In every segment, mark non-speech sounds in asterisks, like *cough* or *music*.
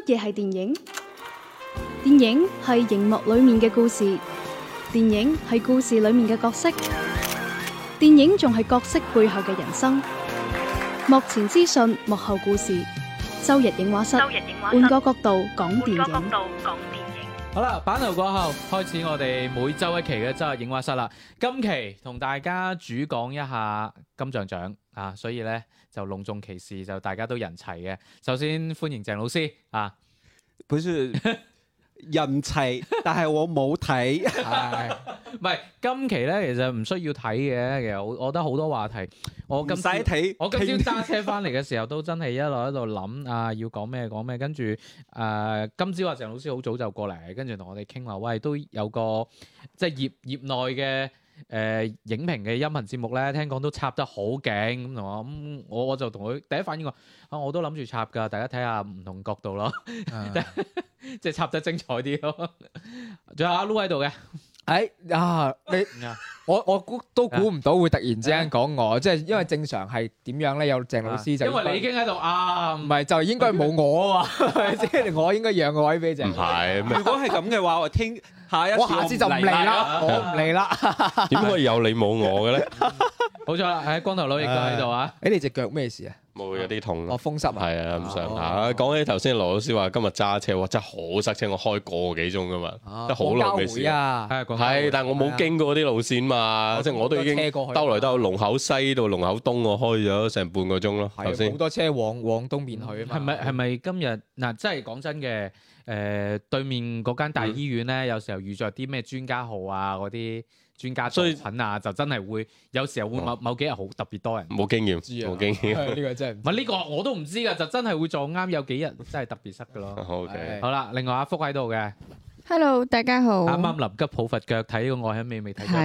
乜嘢係電影？電影係熒幕裏面嘅故事，電影係故事裏面嘅角色，電影仲係角色背後嘅人生。幕前資訊，幕後故事。周日影畫室，換個角度講電影。好啦，版頭過後開始我哋每周一期嘅周日影畫室啦。今期同大家主講一下金像獎。啊，所以咧就隆重其事，就大家都人齊嘅。首先歡迎鄭老師啊，本尊人齊， *laughs* 但係我冇睇，唔 *laughs* 係、哎、今期咧其實唔需要睇嘅。其實我覺得好多話題，我唔使睇。我今朝揸車翻嚟嘅時候 *laughs* 都真係一路喺度諗啊，要講咩講咩。跟住誒、呃，今朝話、啊、鄭老師好早就過嚟，跟住同我哋傾話，喂都有個即係、就是、業業內嘅。誒、呃、影評嘅音頻節目咧，聽講都插得好勁咁同我咁。我我就同佢第一反應話啊、哦，我都諗住插噶，大家睇下唔同角度咯，即係唉、即係、插得精彩啲咯。仲有阿 Loo 喺度嘅，哎啊你 *laughs* 我我估都估唔到會突然之間講我，即係唉因為正常係點樣咧？有鄭老師就因為你已經喺度啊，唔係就應該冇我啊？即係唉我應該讓個位俾鄭。唔係如果係咁嘅話，我聽。下一次就唔嚟啦，我唔嚟啦。點可以有你冇我嘅咧？冇錯啦，誒，光頭佬亦都喺度啊！誒，你隻腳咩事啊？冇，有啲痛。哦，風濕啊！係啊，咁上下。講起頭先，羅老師話今日揸車，哇，真係好塞車，我開個幾鐘㗎嘛，真係好耐嘅事啊！係啊，但係我冇經過啲路線嘛，即係我都已經兜來兜去龍口西到龍口東，我開咗成半個鐘咯。頭先好多車往往東面去啊！係咪係咪今日嗱？真係講真嘅。誒、呃、對面嗰間大醫院咧，嗯、有時候遇著啲咩專家號啊，嗰啲專家診啊，以就真係會有時候會某、哦、某幾日好特別多人。冇經驗，冇經驗，呢 *laughs* 個真係。唔係呢個我都唔知㗎，就真係會撞啱有幾日真係特別塞嘅咯。 *laughs* Okay. 是好，好啦，另外阿福喺度嘅。Hello，大家好。啱啱臨急抱佛腳睇呢個愛係咪未睇一半，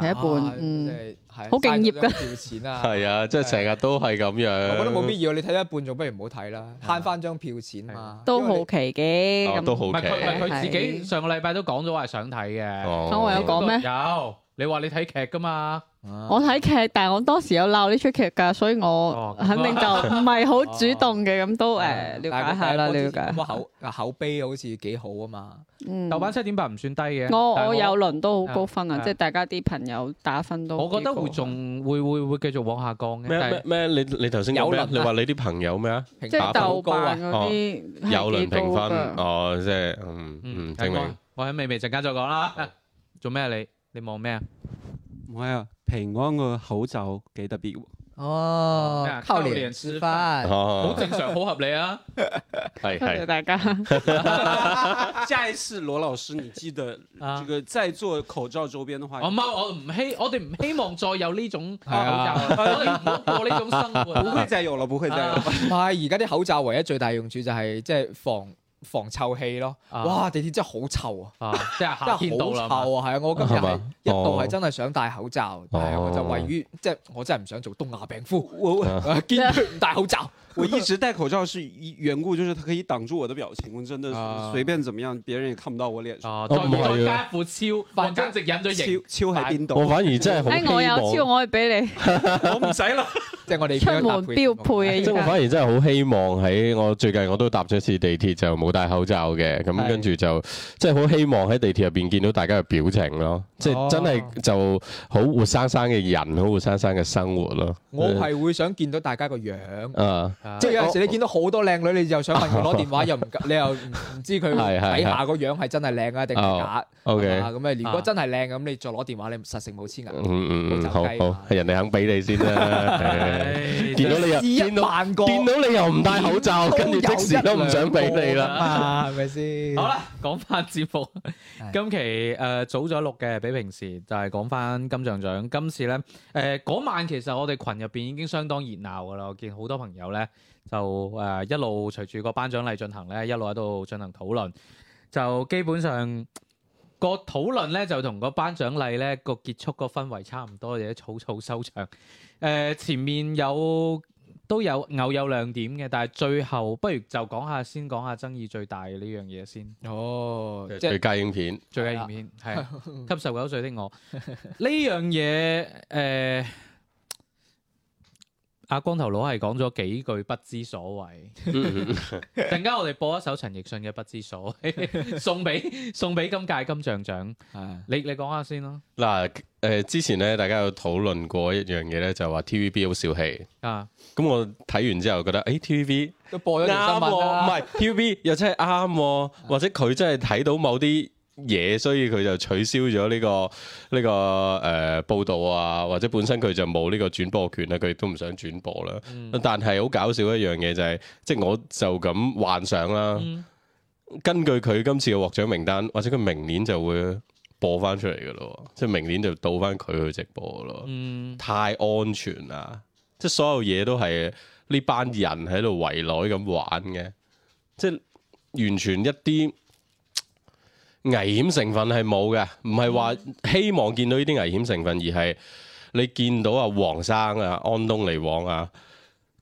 睇一半，好敬業㗎。係啊，即係成日都係咁樣。我覺得冇必要，你睇一半仲不如唔好睇啦，慳翻張票錢啊。都好奇嘅，都好奇。佢自己上個禮拜都講咗話想睇嘅。我有講咩？有，你話你睇劇㗎嘛？我睇劇，但係我當時有鬧呢出劇噶所以我肯定就唔係好主動嘅，咁都誒了解下啦。了解。口口碑好似幾好啊嘛，豆瓣七點八唔算低嘅。我我有輪都好高分啊，即係大家啲朋友打分都。我覺得會仲會會會繼續往下降嘅。咩咩？你你頭先有輪你你話你啲朋友咩啊？即係豆瓣嗰啲有輪評分哦，即係嗯。我喺微微陣間再講啦。做咩啊？你你望咩啊？唔係啊，平安個口罩幾特別喎。哦，靠臉食飯，哦、好正常，好 *laughs* 合理啊。多謝，大家。下一次羅老師，你記得，這個再做口罩周邊的話， *laughs* 我唔希，我哋唔希望再有呢種口罩， *laughs* 我哋唔好過呢種生活。唔會再有啦，唔會再有，唔係而家啲口罩唯一最大用處就係、是、即係防。防臭氣咯，哇！地鐵真係好臭啊，啊，真係好臭啊。即係夏天到啦，係啊！我今日係一度係真係想戴口罩，哦、但係我就位於、哦、即係我真係唔想做東亞病夫，堅決唔戴口罩。 *laughs* *laughs* *laughs* 我一直戴口罩是緣故，就是佢可以擋住我的表情，啊、真的隨便怎麼樣，別人也看不到我臉上。都唔係，家超，我簡直引咗型超喺邊度？我反而真係好、哎，我有超，我可以俾你， *laughs* 我唔使啦。 *laughs* *laughs* 即係我哋出門標配啊！ *laughs* 即係我反而真係好希望喺我最近我都搭咗一次地鐵就冇戴口罩嘅，咁跟住就即係好希望喺地鐵入邊見到大家嘅表情咯，啊、即係真係就好活生生嘅人，好活生生嘅生活咯。 *laughs* 我係會想見到大家個樣啊。即係有陣時你見到好多靚女，你就想問佢攞電話，又唔敢，你又唔知佢底下個樣係真係靚啊定係假？O K，咁啊，如果真係靚咁，你再攞電話，你實食冇黐牙。好好，人哋肯俾你先啦。見到你又見到，你又唔戴口罩，跟住即時都唔想俾你啦，係咪先？好啦，講翻節目，今期誒早咗錄嘅，比平時就係講翻金像獎。今次咧誒嗰晚其實我哋群入邊已經相當熱鬧㗎啦，我見好多朋友咧。就誒一路隨住個頒獎禮進行咧，一路喺度進行討論，就基本上、那個討論咧就同個頒獎禮咧個結束個氛圍差唔多嘅，草草收場。誒、呃，前面有都有偶有亮點嘅，但係最後不如就講下先，講下爭議最大嘅呢樣嘢先。哦，即最佳影片，最佳影片係了《給十九歲的我》呢 *laughs* 樣嘢誒。呃阿光頭佬係講咗幾句不知所謂，陣間我哋播一首陳奕迅嘅不知所謂，送俾送俾今屆金像獎。係你你講下先咯。嗱，誒之前咧，大家有討論過一樣嘢咧，就話 TVB 好小氣啊。咁我睇完之後覺得，誒 TVB 都播咗，唔係 TVB 又真係啱，或者佢真係睇到某啲。嘢，所以佢就取消咗呢個呢個誒報道啊，或者本身佢就冇呢個轉播權啦，佢亦都唔想轉播啦。嗯、但係好搞笑一樣嘢就係，即係我就咁幻想啦。嗯、根據佢今次嘅獲獎名單，或者佢明年就會播翻出嚟嘅咯，即係明年就到翻佢去直播咯。嗯、太安全啦，即係所有嘢都係呢班人喺度圍內咁玩嘅，即係完全一啲。危險成分係冇嘅，唔係話希望見到呢啲危險成分，而係你見到啊黃生啊、安東尼王啊，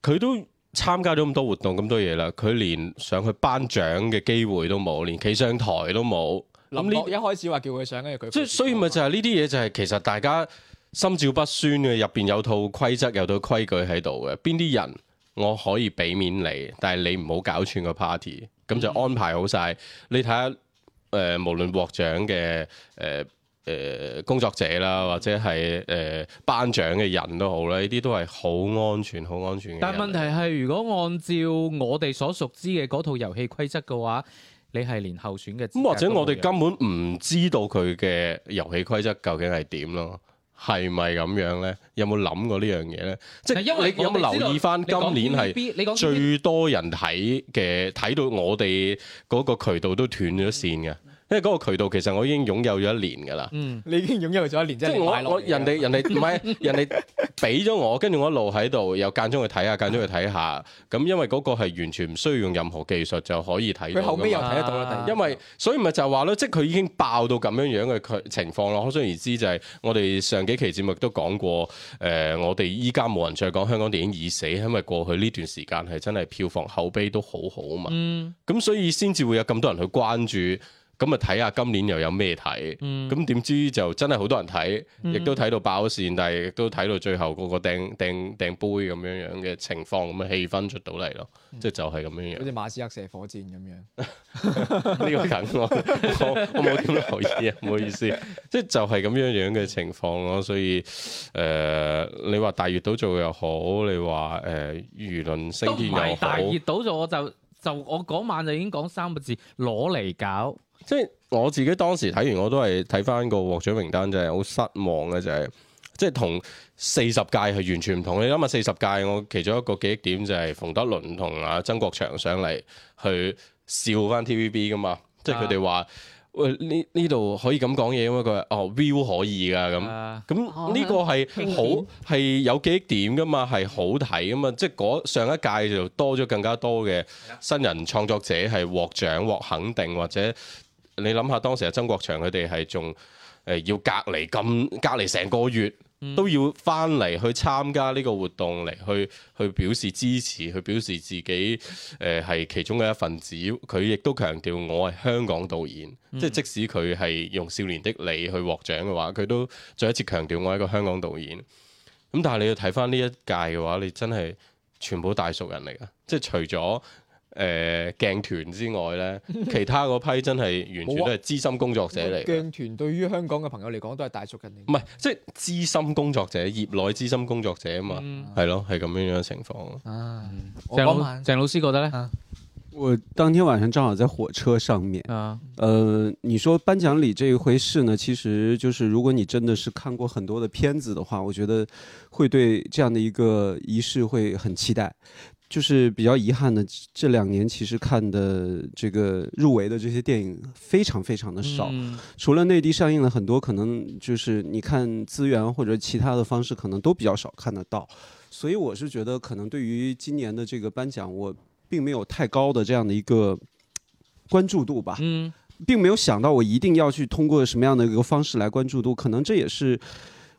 佢都參加咗咁多活動、咁多嘢啦，佢連上去頒獎嘅機會都冇，連企上台都冇。諗呢一開始話叫佢上，跟住佢。即係所以咪就係呢啲嘢，就係其實大家心照不宣嘅，入邊有套規則、有套規矩喺度嘅。邊啲人我可以俾面你，但係你唔好搞串個 party，咁就安排好曬。嗯、你睇下。誒、呃，無論獲獎嘅誒誒工作者啦，或者係誒頒獎嘅人好都好啦，呢啲都係好安全、好安全嘅。但問題係，如果按照我哋所熟知嘅嗰套遊戲規則嘅話，你係連候選嘅，或者我哋根本唔知道佢嘅遊戲規則究竟係點咯？係咪咁樣咧？有冇諗過呢樣嘢咧？即係因為你有冇留意翻今年係最多人睇嘅，睇到我哋嗰個渠道都斷咗線嘅。因為嗰個渠道其實我已經擁有咗一年㗎啦、嗯，你已經擁有咗一年，即係我人哋人哋唔係人哋俾咗我，跟住我一路喺度又間中去睇下，間中去睇下，咁因為嗰個係完全唔需要用任何技術就可以睇。佢後尾又睇得到啦，啊、因為所以咪就係話囉，即係佢已經爆到咁樣樣嘅佢情況咯。可想而知，就係我哋上幾期節目都講過，誒、呃，我哋依家冇人再講香港電影已，已死，因為過去呢段時間係真係票房口碑都好好啊嘛。咁、嗯、所以先至會有咁多人去關注。咁啊睇下今年又有咩睇，咁點、嗯、知就真係好多人睇，亦都睇到爆線，但係亦都睇到最後個個掟掟掟杯咁樣樣嘅情況，咁嘅氣氛出到嚟咯，即係、嗯、就係咁樣樣。好似馬斯克射火箭咁樣，呢 *laughs* 個近 *laughs* 我我冇點留意啊，唔好意思，即係就係、是、咁樣樣嘅情況咯。所以誒、呃，你話大熱倒灶又好，你話誒、呃、輿論升天又好。大熱倒灶，我就就我嗰晚就已經講三個字攞嚟搞。即係我自己當時睇完，我都係睇翻個獲獎名單就係好失望嘅，就係即係同四十屆係完全唔同。你諗下四十屆，我其中一個記憶點就係馮德倫同啊曾國祥上嚟去笑翻 TVB 噶嘛，即係佢哋話喂呢呢度可以咁講嘢啊嘛，佢話哦 view 可以噶咁，咁呢個係好係有記憶點噶嘛，係好睇噶嘛，即係上一屆就多咗更加多嘅新人創作者係獲獎獲肯定或者。你諗下當時啊，曾國祥佢哋係仲誒要隔離咁隔離成個月，都要返嚟去參加呢個活動嚟去去表示支持，去表示自己誒係、呃、其中嘅一份子。佢亦都強調我係香港導演，即係、嗯、即使佢係用《少年的你》去獲獎嘅話，佢都再一次強調我係一個香港導演。咁但係你要睇返呢一屆嘅話，你真係全部大熟人嚟㗎，即係除咗。誒、呃、鏡團之外咧， *laughs* 其他嗰批真係完全都係資深工作者嚟。鏡團對於香港嘅朋友嚟講，都係大熟人嚟。唔係，即係資深工作者、業內資深工作者啊嘛，係、嗯、咯，係咁樣嘅情況。啊，鄭、嗯、老我鄭老師覺得咧，我當天晚上正好在火車上面啊。呃，你說頒獎禮這一回事呢？其實就是如果你真的是看過很多的片子的話，我覺得會對這樣的一個儀式會很期待。就是比較遺憾的，這兩年其實看的這個入圍的這些電影非常非常的少，除了內地上映的很多，可能就是你看資源或者其他的方式，可能都比較少看得到。所以我是覺得可能對於今年的這個頒獎，我並沒有太高的這樣的一個關注度吧。並沒有想到我一定要去通過什麼樣的一個方式來關注度，可能這也是。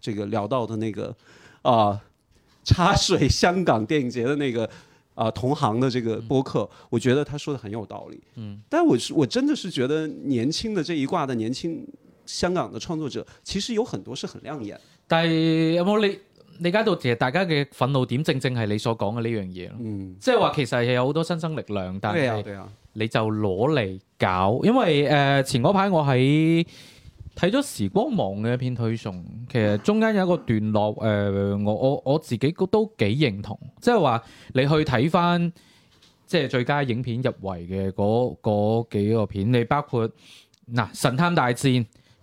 這個聊到的那個啊，插、呃、水香港電影節的那個啊、呃、同行的這個播客，嗯、我覺得他說的很有道理。嗯，但我是我真的是覺得年輕的這一掛的年輕香港的創作者，其實有很多是很亮眼。嗯、但係有冇你你講到，其實大家嘅憤怒點，正正係你所講嘅呢樣嘢咯。嗯，即係話其實係有好多新生力量，但係你就攞嚟搞，因為誒、呃、前嗰排我喺。睇咗時光網嘅一篇推送，其實中間有一個段落，誒、呃，我我我自己都幾認同，即係話你去睇翻即係最佳影片入圍嘅嗰嗰幾個片，你包括嗱、啊《神探大戰》，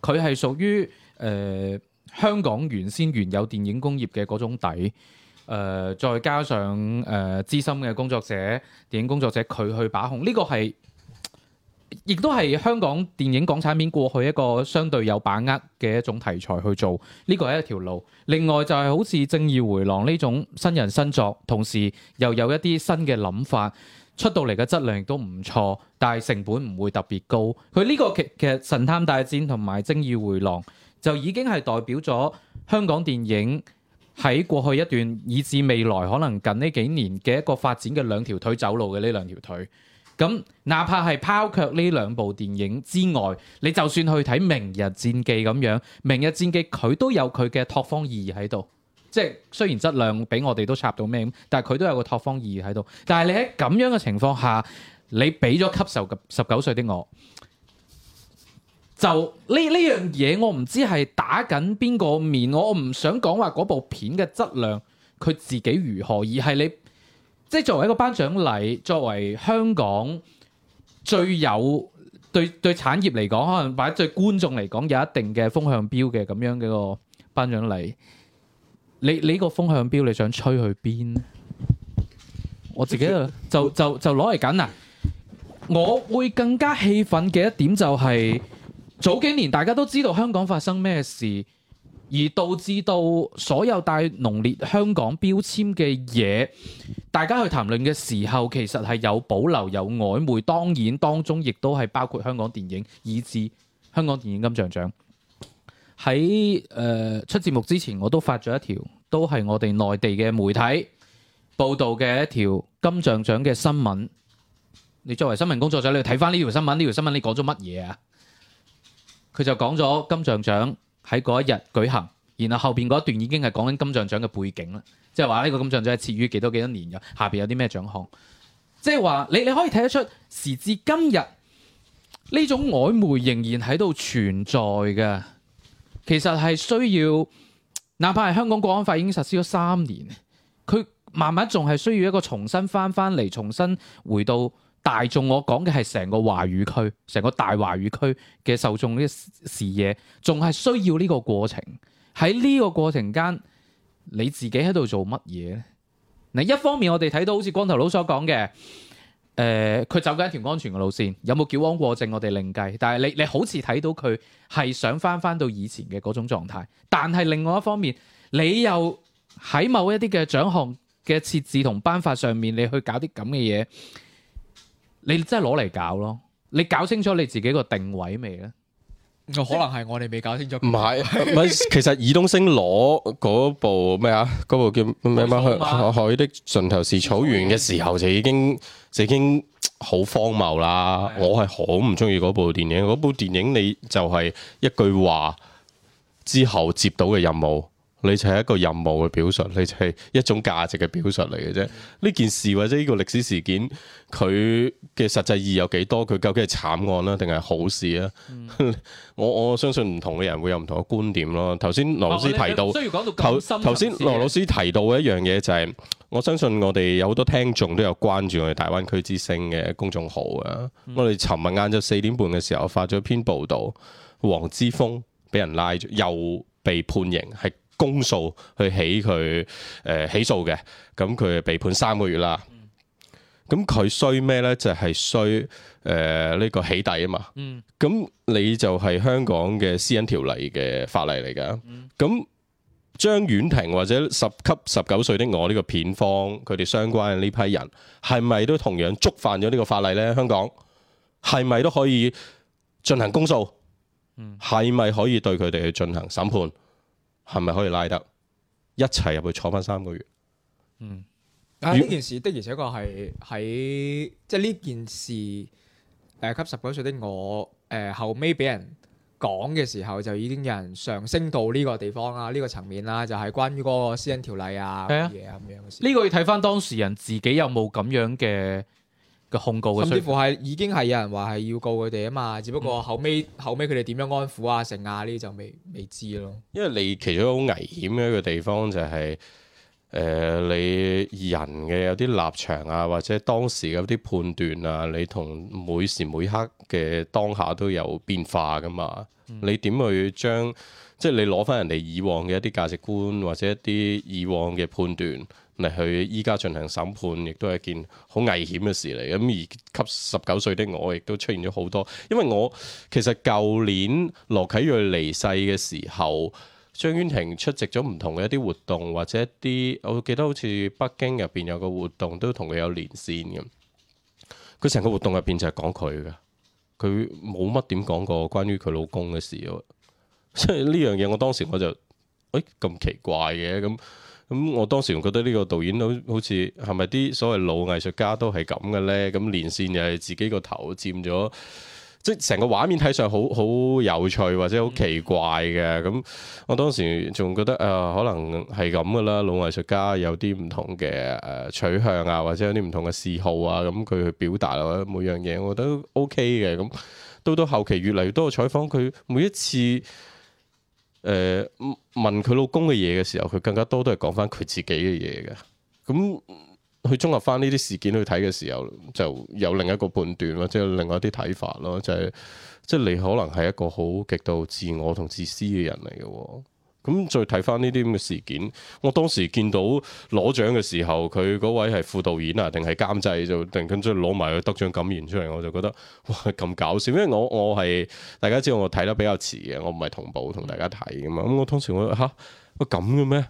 佢係屬於誒、呃、香港原先原有電影工業嘅嗰種底，誒、呃、再加上誒、呃、資深嘅工作者、電影工作者佢去把控，呢、這個係。亦都係香港電影港產片過去一個相對有把握嘅一種題材去做，呢個係一條路。另外就係好似《正義回廊》呢種新人新作，同時又有一啲新嘅諗法出到嚟嘅質量亦都唔錯，但係成本唔會特別高。佢呢個其實《神探大戰》同埋《正義回廊》就已經係代表咗香港電影喺過去一段以至未來可能近呢幾年嘅一個發展嘅兩條腿走路嘅呢兩條腿。咁，哪怕係拋卻呢兩部電影之外，你就算去睇《明日戰記》咁樣，《明日戰記》佢都有佢嘅拓荒意義喺度，即係雖然質量比我哋都插到咩，但係佢都有個拓荒意義喺度。但係你喺咁樣嘅情況下，你俾咗吸收《十九歲的我》就，就呢呢樣嘢，我唔知係打緊邊個面我，我唔想講話嗰部片嘅質量佢自己如何，而係你。即係作為一個頒獎禮，作為香港最有對對產業嚟講，可能或者對觀眾嚟講，有一定嘅風向標嘅咁樣嘅個頒獎禮，你你個風向標你想吹去邊？我自己就就就攞嚟緊啊！我會更加氣憤嘅一點就係、是、早幾年大家都知道香港發生咩事。而導致到所有帶濃烈香港標籤嘅嘢，大家去談論嘅時候，其實係有保留有曖昧。當然，當中亦都係包括香港電影，以致香港電影金像獎。喺誒、呃、出節目之前，我都發咗一條，都係我哋內地嘅媒體報導嘅一條金像獎嘅新聞。你作為新聞工作者，你睇翻呢條新聞，呢條新聞你講咗乜嘢啊？佢就講咗金像獎，喺嗰一日舉行，然後後邊嗰一段已經係講緊金像獎嘅背景啦，即係話呢個金像獎係設於幾多幾多年嘅，下邊有啲咩獎項，即係話你你可以睇得出時至今日呢種曖昧仍然喺度存在嘅，其實係需要，哪怕係香港國安法已經實施咗三年，佢慢慢仲係需要一個重新返返嚟，重新回到。大眾，我講嘅係成個華語區，成個大華語區嘅受眾嘅視野，仲係需要呢個過程。喺呢個過程間，你自己喺度做乜嘢咧？嗱，一方面我哋睇到好似光頭佬所講嘅，誒、呃，佢走緊一條安全嘅路線，有冇矯枉過正我哋另計。但係你你好似睇到佢係想返返到以前嘅嗰種狀態，但係另外一方面，你又喺某一啲嘅獎項嘅設置同頒發上面，你去搞啲咁嘅嘢。你真係攞嚟搞咯！你搞清楚你自己個定位未呢？我可能係我哋未搞清楚。唔係是，唔係，其實爾冬陞攞嗰部咩啊？嗰部叫咩？海的盡頭是草原嘅時候、啊、就已經就已經好荒謬啦！哦啊、我係好唔中意嗰部電影。嗰部電影你就係一句話之後接到嘅任務。你就係一個任務嘅表述，你就係一種價值嘅表述嚟嘅啫。呢、嗯、件事或者呢個歷史事件，佢嘅實際意義有幾多？佢究竟係慘案啦、啊，定係好事啊？嗯、 *laughs* 我我相信唔同嘅人會有唔同嘅觀點咯。頭先羅老師提到，頭先羅老師提到嘅一樣嘢就係、是，我相信我哋有好多聽眾都有關注我哋大灣區之星嘅公眾號啊、嗯。我哋尋日晏咗晏晝四點半嘅時候發咗一篇報導，黃之峰俾人拉住，又被判刑係。公訴去起佢誒、呃、起訴嘅，咁佢被判三個月啦。咁佢衰咩呢？就係衰誒呢個起底啊嘛。咁、嗯、你就係香港嘅私隱條例嘅法例嚟噶。咁、嗯、張婉婷或者十級十九歲的我呢個片方，佢哋相關嘅呢批人，係咪都同樣觸犯咗呢個法例呢？香港係咪都可以進行公訴？係咪、嗯、可以對佢哋去進行審判？係咪可以拉得一齊入去坐翻三個月？嗯，啊呢件事的而且確係喺即係呢件事誒、呃，級十九歲的我誒、呃、後尾俾人講嘅時候，就已經有人上升到呢個地方啦、呢、這個層面啦，就係、是、關於嗰個私隱條例啊嘅嘢啊咁樣嘅事。呢個要睇翻當事人自己有冇咁樣嘅。嘅控告嘅，甚至乎係已經係有人話係要告佢哋啊嘛，只不過後尾、嗯、後尾佢哋點樣安撫啊、承啊呢啲就未未知咯。因為你其中一個好危險嘅一個地方就係、是，誒、呃、你人嘅有啲立場啊，或者當時嘅一啲判斷啊，你同每時每刻嘅當下都有變化噶嘛。嗯、你點去將即係你攞返人哋以往嘅一啲價值觀，或者一啲以往嘅判斷？嚟去依家進行審判，亦都係一件好危險嘅事嚟。咁而給十九歲的我，亦都出現咗好多。因為我其實舊年羅啟銳離世嘅時候，張婉婷出席咗唔同嘅一啲活動，或者一啲我記得好似北京入邊有個活動，都同佢有連線。咁佢成個活動入邊就係講佢嘅，佢冇乜點講過關於佢老公嘅事喎。所以呢樣嘢，我當時我就，誒咁奇怪嘅咁。咁我當時仲覺得呢個導演好好似係咪啲所謂老藝術家都係咁嘅咧？咁連線又係自己個頭佔咗，即係成個畫面睇上好好有趣或者好奇怪嘅。咁我當時仲覺得誒、呃，可能係咁噶啦，老藝術家有啲唔同嘅誒取向啊，或者有啲唔同嘅嗜好啊，咁佢去表達或者每樣嘢，我覺得 OK 嘅。咁到到後期越嚟越多嘅採訪，佢每一次。誒、呃、問佢老公嘅嘢嘅時候，佢更加多都係講翻佢自己嘅嘢嘅。咁去綜合翻呢啲事件去睇嘅時候，就有另一個判斷咯，即係另外一啲睇法咯，就係即係你可能係一個好極度自我同自私嘅人嚟嘅。咁再睇翻呢啲咁嘅事件，我當時見到攞獎嘅時候，佢嗰位係副導演啊，定係監製就突然間即攞埋個得獎感言出嚟，我就覺得哇咁搞笑，因為我我係大家知道我睇得比較遲嘅，我唔係同步同大家睇嘅嘛，咁我當時我嚇，乜咁嘅咩？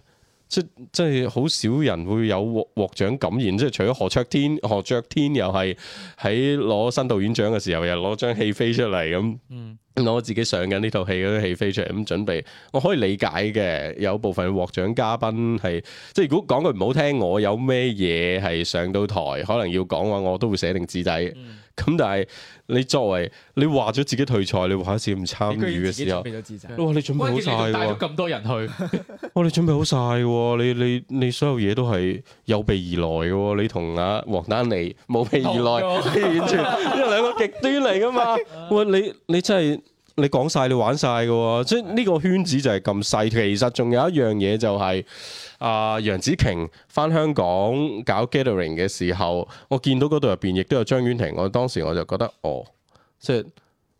即即係好少人會有獲獲獎感言，即係除咗何爵天，何爵天又係喺攞新導演獎嘅時候，又攞張戲飛出嚟咁。攞、嗯、自己上緊呢套戲嗰啲、那個、戲飛出嚟，咁準備，我可以理解嘅。有部分獲獎嘉賓係，即係如果講句唔好聽，我有咩嘢係上到台可能要講嘅話，我都會寫定紙仔。嗯咁但係你作為你話咗自己退賽，你話下一次唔參與嘅時候，哇！你準備好晒喎，帶咗咁多人去， *laughs* 哇！你準備好晒喎，你你你所有嘢都係有備而來嘅，你同阿王丹妮冇備而來，的完全呢 *laughs* 兩個極端嚟噶嘛？ *laughs* 哇！你你真係～你講晒，你玩晒嘅喎，即係呢個圈子就係咁細。其實仲有一樣嘢就係、是，啊、呃，楊紫瓊翻香港搞 gathering 嘅時候，我見到嗰度入邊亦都有張婉婷。我當時我就覺得，哦，即係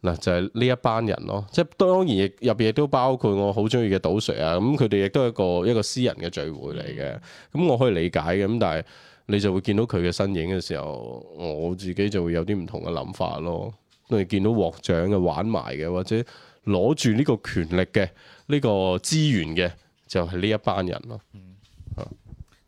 嗱，就係、是、呢一班人咯。即係當然亦入邊亦都包括我好中意嘅賭 Sir 啊。咁佢哋亦都係一個一個私人嘅聚會嚟嘅。咁我可以理解嘅。咁但係你就會見到佢嘅身影嘅時候，我自己就會有啲唔同嘅諗法咯。你哋見到獲獎嘅玩埋嘅，或者攞住呢個權力嘅呢、呢個資源嘅，就係、係、呢一班人咯。嗯，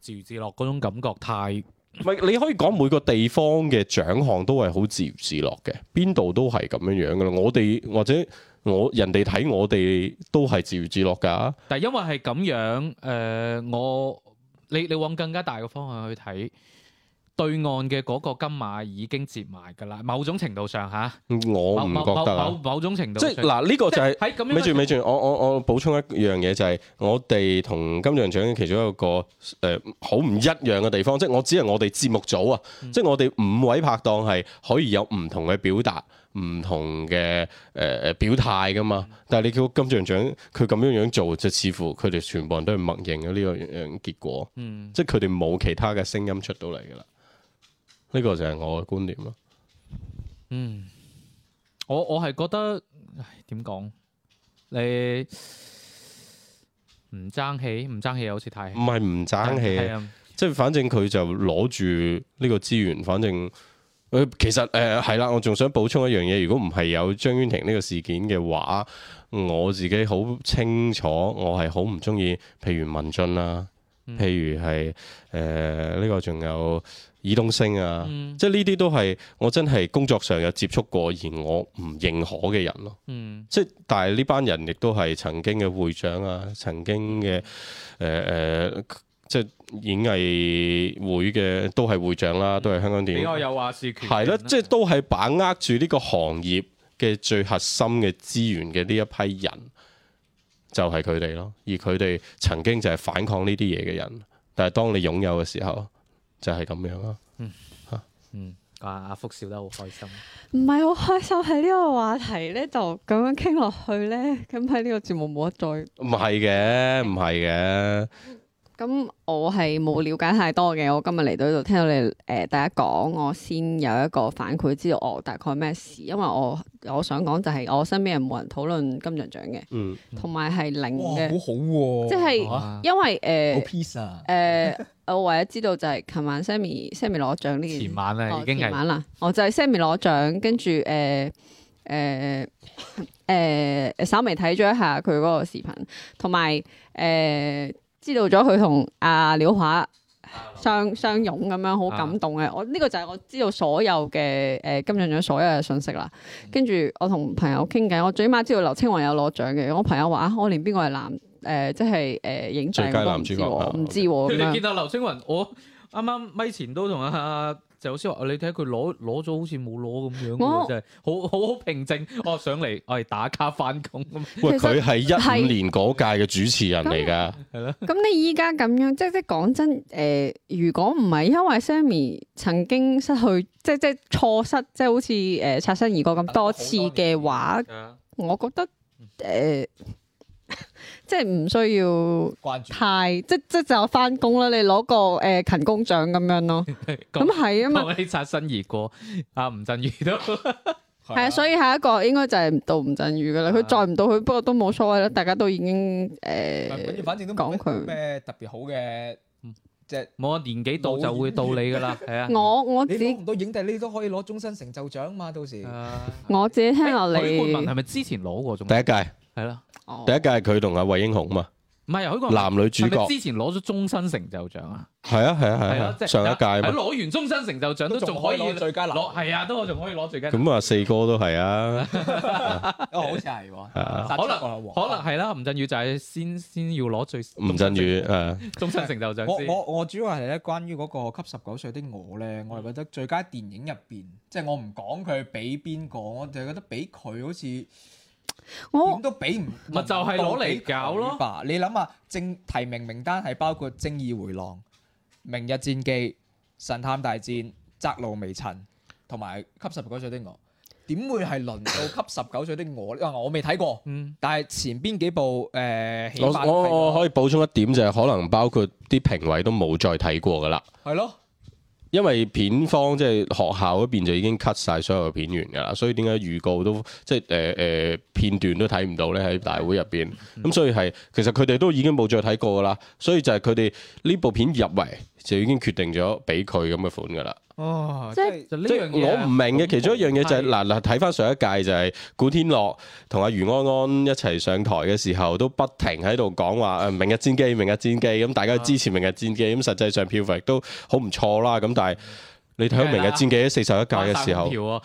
自娛自樂嗰種感覺太唔係， *laughs* 你可以講每個地方嘅獎項都係好自娛自樂嘅，邊度都係咁樣樣嘅啦。我哋或者我人哋睇我哋都係自娛自樂㗎。但係因為係咁樣，誒、呃，我你你往更加大嘅方向去睇。對岸嘅嗰個金馬已經接埋㗎啦，某種程度上吓，我唔覺得。某某種程度即係嗱，呢個就係。喺咁樣，咪住咪住，我我我補充一樣嘢就係、是，我哋同金像獎其中一個誒好唔一樣嘅地方，即係我只係我哋節目組啊，嗯、即係我哋五位拍檔係可以有唔同嘅表達、唔同嘅誒、呃、表態㗎嘛。嗯、但係你叫金像獎佢咁樣樣做，就似乎佢哋全部人都係默認咗呢個樣結果。嗯，即係佢哋冇其他嘅聲音出到嚟㗎啦。呢個就係我嘅觀點咯。嗯，我我係覺得，唉，點講？你唔爭氣，唔爭氣又好似太唔係唔爭氣，啊、即係反正佢就攞住呢個資源，反正誒、呃，其實誒係、呃、啦。我仲想補充一樣嘢，如果唔係有張婉婷呢個事件嘅話，我自己好清楚，我係好唔中意，譬如文雋啦，譬如係誒呢個仲有。以東升啊，嗯、即係呢啲都係我真係工作上有接觸過，而我唔認可嘅人咯、啊。嗯、即係，但係呢班人亦都係曾經嘅會長啊，曾經嘅誒誒，即係演藝會嘅都係會長啦、啊，嗯、都係香港電影。我有話事權、啊。即係都係把握住呢個行業嘅最核心嘅資源嘅呢一批人，就係佢哋咯。而佢哋曾經就係反抗呢啲嘢嘅人，但係當你擁有嘅時候。就係咁樣囉、啊。嗯嚇，嗯，阿阿、啊嗯啊、福笑得好開心。唔係好開心，喺呢個話題呢度咁樣傾落去呢，咁喺呢個節目冇得再。唔係嘅，唔係嘅。咁我係冇了解太多嘅，我今日嚟到呢度聽到你誒，第一講我先有一個反饋，知道我大概咩事，因為我我想講就係我身邊係冇人討論金像獎嘅，同埋係零嘅，好好、啊，即係是、啊、因為誒，好 peace 誒，我唯一知道就係琴晚 Sammy，Sammy 攞獎呢件事，前晚咧已經係，哦、前晚啦，我就係 Sammy 攞獎，跟住誒，誒、呃，誒、呃呃呃，稍微睇咗一下佢嗰個視頻，同埋誒。呃呃知道咗佢同阿廖華相、啊、相擁咁樣好感動嘅。啊、我呢、這個就係我知道所有嘅誒、呃、金像獎所有嘅信息啦。嗯、跟住我同朋友傾偈，我最起碼知道劉青雲有攞獎嘅。我朋友話啊，我連邊個係男誒，即係誒影帝都唔知喎，唔知喎。的知你見到劉青雲，我啱啱咪前都同阿、啊。就好似話、啊，你睇佢攞攞咗好似冇攞咁樣，我 真係好好好平靜。哦， *laughs* 上嚟，我係打卡翻工。哇，佢係一五年嗰屆嘅主持人嚟㗎、 *laughs* 嗯，係、嗯、咯。咁你依家咁樣，即即講真，誒、嗯，如果唔係因為 Sammy 曾經失去，即即錯失，即好似誒擦身而過咁多次嘅話，我覺得誒。即係唔需要太關注即即就翻工啦，你攞個誒勤工獎咁樣咯。咁係啊嘛，擦身而過啊，吳鎮宇都係啊，所以下一個應該就係到吳鎮宇噶啦。佢再唔到，佢不過都冇所謂啦。大家都已經誒，反正都講佢咩特別好嘅，即係冇啊，年紀到就會到你噶啦，係啊。我我自己攞唔到影帝，你都可以攞終身成就獎嘛。到時我自己聽落嚟，許冠文係咪之前攞過獎？第一屆係啦。第一屆係佢同阿韋英雄嘛？唔係嗰個男女主角之前攞咗終身成就獎啊！係啊係啊係啊！上一屆攞完終身成就獎都仲可以最佳男係啊，都仲可以攞最佳。咁啊，四哥都係啊，好似係喎，可能可能係啦。吳鎮宇就係先先要攞最吳鎮宇誒，終身成就獎。我我主要係咧，關於嗰個《給十九歲的我》咧，我係覺得最佳電影入邊，即係我唔講佢俾邊個，我就係覺得俾佢好似。點都比唔咪、哦、就係攞嚟搞咯，你諗下，正提名名單係包括《正義迴廊》、《明日戰記》、《神探大戰》、《窄路微塵》同埋《給十九歲的我》，點會係輪到《給十九歲的 *laughs* 我，、呃、我》？啊，我未睇過，嗯，但係前邊幾部誒，我我可以補充一點就係可能包括啲評委都冇再睇過噶啦，係咯。因為片方即係、就是、學校嗰邊就已經 cut 晒所有片源㗎啦，所以點解預告都即係誒誒片段都睇唔到咧？喺大會入邊咁，的所以係其實佢哋都已經冇再睇過㗎啦。所以就係佢哋呢部片入圍就已經決定咗俾佢咁嘅款㗎啦。哦，即係即係，即啊、我唔明嘅其中一樣嘢就係、是，嗱嗱，睇翻上一屆就係古天樂同阿余安安一齊上台嘅時候，都不停喺度講話誒《明日戰機》，《明日戰機》咁大家支持《明日戰機》，咁實際上票房亦都好唔錯啦，咁但係，嗯。你睇得明日戰記喺四十一屆嘅時候，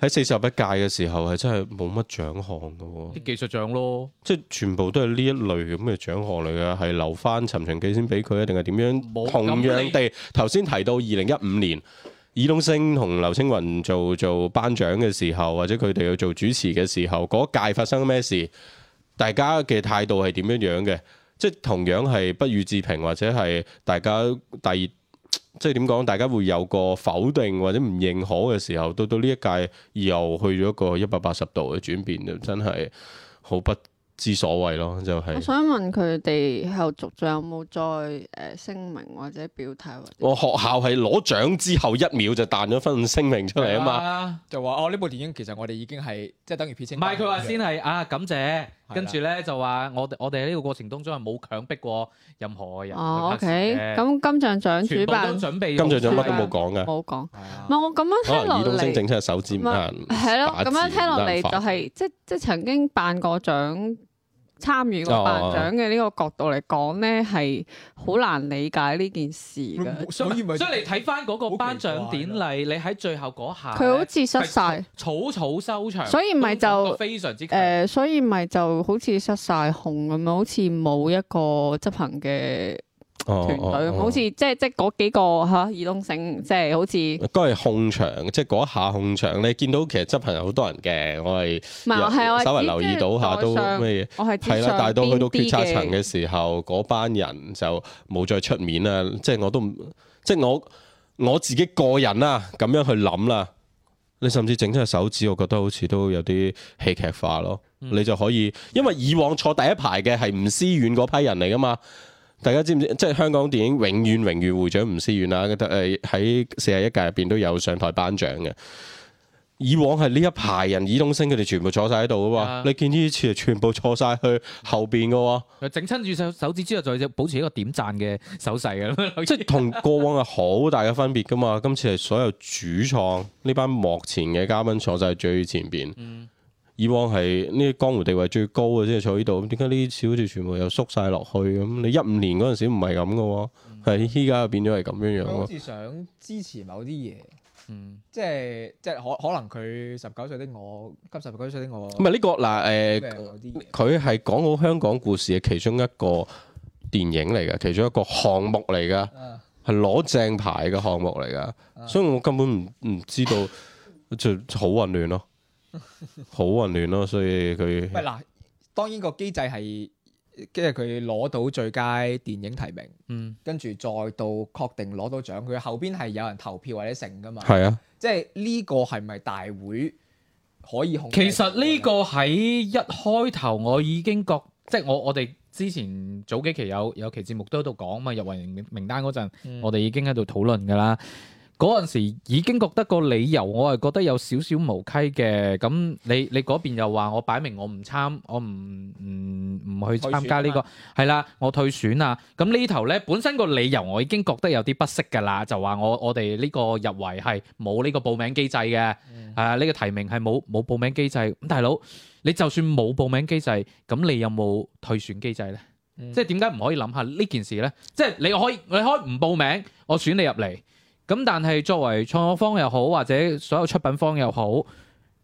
喺四十一屆嘅時候係真係冇乜獎項嘅，啲技術獎咯，即係全部都係呢一類咁嘅獎項嚟嘅，係留翻尋秦記先俾佢啊，定係點樣？同樣地，頭先提到二零一五年，爾冬升同劉青雲做做頒獎嘅時候，或者佢哋去做主持嘅時候，嗰一屆發生咩事？大家嘅態度係點樣樣嘅？即係同樣係不予置評，或者係大家第。即係點講？大家會有個否定或者唔認可嘅時候，到到呢一屆又去咗個一百八十度嘅轉變，真係好不知所謂咯。就係我想問佢哋後續仲有冇再誒聲明或者表態或者？我學校係攞獎之後一秒就彈咗份聲明出嚟啊嘛，係啊就話哦呢部電影其實我哋已經係即係等於撇清。唔係佢話先係啊，感謝。跟住咧，就話我我哋喺呢個過程當中係冇強迫過任何人。哦，OK。咁金像獎主辦準備金像獎乜都冇講嘅，冇講。唔係的我咁樣聽落正整出個手指唔係咯？咁樣聽落嚟就係即即曾經辦過獎。參與個頒獎嘅呢個角度嚟講咧，係好難理解呢件事嘅。所以咪，所以你睇翻嗰個頒獎典禮，你喺最後嗰下，佢好似失晒，草草收場。所以咪就非常之誒、呃，所以咪就好似失曬控咁樣好似冇一個執行嘅。團隊、哦哦、好似即係即係嗰幾個嚇耳性，即係、就是、好似都係控場，即係嗰一下控場。你見到其實執行有好多人嘅，我係是稍微留意到下都咩嘢，係啦。但到去到些決策層嘅時候，嗰班人就冇再出面啦。即、就、係、是、我都即係、就是、我我自己個人啦、啊，咁樣去諗啦。你甚至整出隻手指，我覺得好似都有啲戲劇化咯。你就可以，因為以往坐第一排嘅係吳思遠嗰批人嚟㗎嘛。大家知唔知？即係香港電影永遠永遠榮譽會長吳思遠啦，佢誒喺四十一屆入邊都有上台頒獎嘅。以往係呢一排人、嗯、以東升，佢哋全部坐晒喺度嘅喎。嗯、你見呢次全部坐晒去後邊嘅喎。整親住手手指之後，就保持一個點讚嘅手勢嘅。即係同過往係好大嘅分別嘅嘛。今次係所有主創呢班幕前嘅嘉賓坐曬最前邊。嗯以往係呢啲江湖地位最高嘅，先坐呢度。點解呢啲小字好似全部又縮晒落去咁？你一五年嗰陣時唔係咁嘅喎，係依家變咗係咁樣樣。好似想支持某啲嘢，嗯，即係即係可可能佢十九歲的我，急十九歲的我。唔係呢個嗱誒，佢係講好香港故事嘅其中一個電影嚟嘅，其中一個項目嚟嘅，係攞、啊、正牌嘅項目嚟嘅，啊、所以我根本唔唔知道，啊、就好混亂咯。 *laughs* Öyle 好混亂咯，所以佢唔係嗱，嗯、當然個機制係，即係佢攞到最佳電影提名，嗯，跟住再到確定攞到獎，佢後邊係有人投票或者剩噶嘛，係啊、嗯，即係呢個係咪大會可以控？其實呢個喺一開頭我已經覺，即係我我哋之前早幾期有有期節目都喺度講啊嘛，入圍名名單嗰陣，嗯、我哋已經喺度討論噶啦。嗰陣時已經覺得個理由，我係覺得有少少無稽嘅。咁你你嗰邊又話我擺明我唔參，我唔唔唔去參加呢、呢個係啦，我退選啊。咁呢頭呢，本身個理由，我已經覺得有啲不適㗎啦，就話我我哋呢個入圍係冇呢個報名機制嘅、嗯、啊，呢個提名係冇冇報名機制。咁大佬你就算冇報名機制，咁你有冇退選機制呢？嗯、即係點解唔可以諗下呢件事呢？即係你可以你可以唔報名，我選你入嚟。咁但係作為創作方又好，或者所有出品方又好，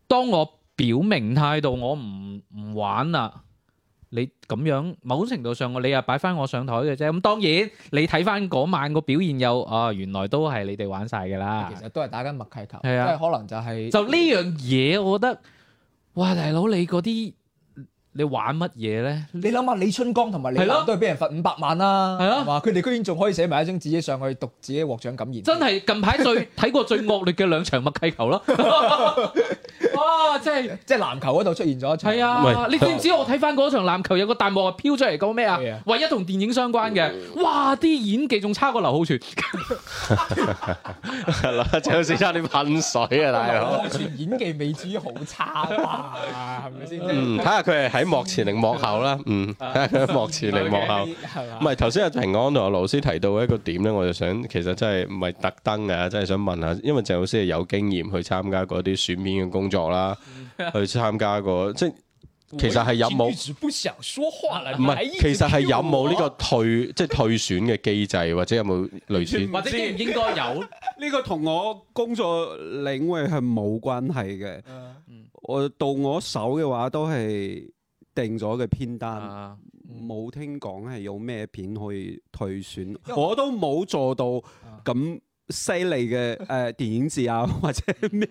當我表明態度我，我唔唔玩啦，你咁樣某程度上，我你又擺翻我上台嘅啫。咁當然你睇翻嗰晚個表現又啊，原來都係你哋玩晒㗎啦，其實都係打緊默契球，都係呀，可能就係、係、就呢樣嘢，我覺得，哇大佬你嗰啲。你玩乜嘢咧？你諗下李春江同埋李楠都係俾人罰五百萬啦，話佢哋居然仲可以寫埋一張紙上去讀自己獲獎感言。真係近排最睇過最惡劣嘅兩場默契球咯！哇，即係即係籃球嗰度出現咗。一係啊，你知唔知我睇翻嗰場籃球有個彈幕啊飄出嚟講咩啊？唯一同電影相關嘅，哇！啲演技仲差過劉浩全。阿仔，好似差你噴水啊大佬！劉浩全演技未至於好差啊，係咪先？睇下佢係喺。幕前定幕後啦，嗯，幕前定幕後，唔係頭先阿平安同阿老師提到一個點咧，我就想其實真係唔係特登嘅，真係想問下，因為鄭老師係有經驗去參加嗰啲選片嘅工作啦，去參加過即係其實係有冇唔係，其實係有冇呢個退即係退選嘅機制，或者有冇類似，或者應應該有呢個同我工作領域係冇關係嘅，我到我手嘅話都係。定咗嘅片單，冇、啊嗯、聽講係有咩片可以退選，我，我都冇做到咁犀利嘅誒電影字啊，嗯、或者咩？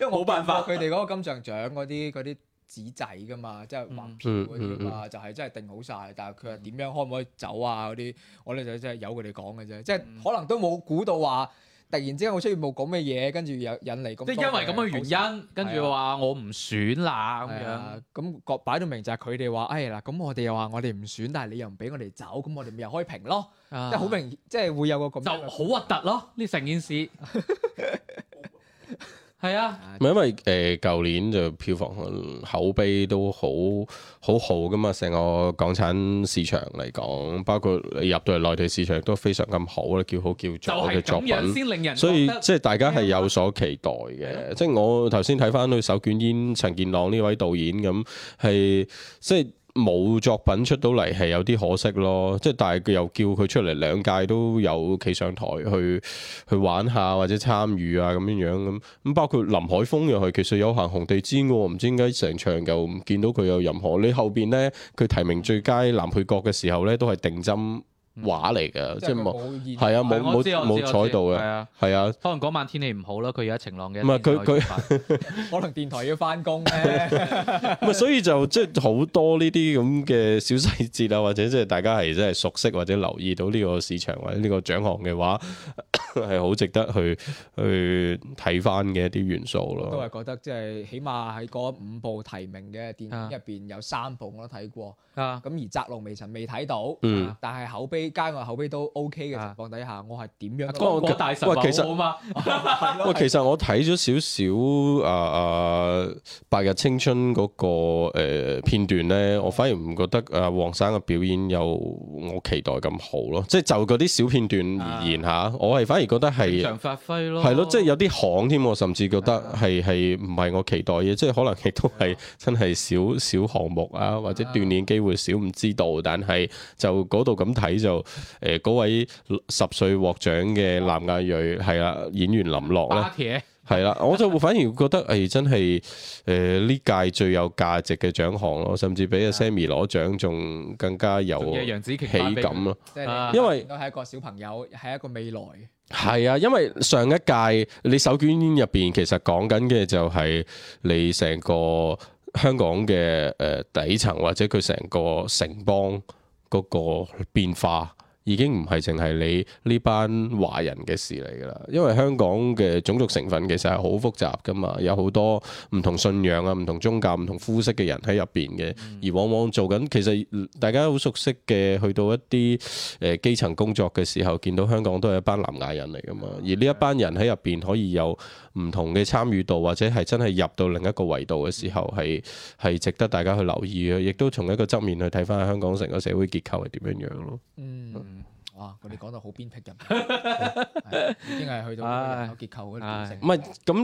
因為冇辦法，佢哋嗰個金像獎嗰啲嗰啲紙仔㗎嘛，即係劃片嗰啲嘛，嗯嗯嗯、就係真係定好晒。但係佢話點樣可唔可以走啊？嗰啲我哋就真係有佢哋講嘅啫，即係、嗯、可能都冇估到話。突然之間，我出現冇講咩嘢，跟住又引嚟咁，即係因為咁嘅原因，是啊、跟住話我唔選啦咁、啊啊、樣。咁個、啊嗯、擺到明就係佢哋話，哎嗱，咁我哋又話我哋唔選，但係你又唔俾我哋走，咁我哋咪又開屏咯。啊、即係好明顯，即、就、係、是、會有個咁就好核突咯。呢成件事。 *laughs* 係啊，咪因為誒舊年就票房口碑都好好好㗎嘛，成個港產市場嚟講，包括入到嚟內地市場都非常咁好啦，叫好叫座嘅作品，令人所以即係大家係有所期待嘅。嗯、即係我頭先睇翻佢手捲煙，陳健朗呢位導演咁係即係。冇作品出到嚟係有啲可惜咯，即係但係佢又叫佢出嚟兩屆都有企上台，去去玩下或者參與啊，咁樣樣咁，咁包括林海峰，又係其實有行紅地氈嘅喎，唔知點解成場又唔見到佢有任何？你後邊呢，佢提名最佳男配角嘅時候呢，都係定針。畫嚟嘅，即係冇，係啊，冇冇冇彩度嘅，係啊，係啊，可能晚天氣唔好啦，佢而家晴朗嘅。唔係佢佢，可能電台要翻工咧。唔係，所以就即係好多呢啲咁嘅小細節啊，或者即係大家係真係熟悉或者留意到呢個市場或者呢個獎項嘅話，係好值得去去睇翻嘅一啲元素咯。都係覺得即係起碼喺嗰五部提名嘅電影入邊有三部我都睇過，啊，咁而《窄路微塵》未曾未睇到，嗯，但係口碑。啲街我口碑都 OK 嘅，情況底下我係點樣？啊、國大神實，好嘛、啊？喂， *laughs* 其實我睇咗少少啊啊《白日青春、那個》嗰個誒片段咧，我反而唔覺得啊黃生嘅表演有我期待咁好咯。即係就嗰、是、啲小片段而言吓，啊、我係反而覺得係正常發揮咯。係咯，即、就、係、是、有啲行添，我甚至覺得係係唔係我期待嘅，即、就、係、是、可能亦都係真係少少項目啊，或者鍛煉機會少，唔知道。但係就嗰度咁睇就。誒，嗰、 *laughs* 呃、位十歲獲獎嘅南亞裔係啦，演員林洛咧係啦，我就反而覺得誒、欸，真係誒呢屆最有價值嘅獎項咯，甚至比阿 Sammy 攞獎仲更加有嘅楊子琪喜感咯，因為係一個小朋友，係一個未來。係啊，因為上一屆你手捲煙入邊其實講緊嘅就係你成個香港嘅誒底層或者佢成個城邦。嗰個變化已經唔係淨係你呢班華人嘅事嚟㗎啦，因為香港嘅種族成分其實係好複雜㗎嘛，有好多唔同信仰啊、唔同宗教、唔同膚色嘅人喺入邊嘅，而往往做緊其實大家好熟悉嘅，去到一啲、呃、基層工作嘅時候，見到香港都係一班南亞人嚟㗎嘛，而呢一班人喺入邊可以有，唔同嘅參與度，或者係真係入到另一個維度嘅時候，係係值得大家去留意嘅。亦都從一個側面去睇翻香港成個社會結構係點樣樣咯。嗯，是哇！佢哋講到好鞭辟㗎，已經係去到結構嗰度。唔係、哎，咁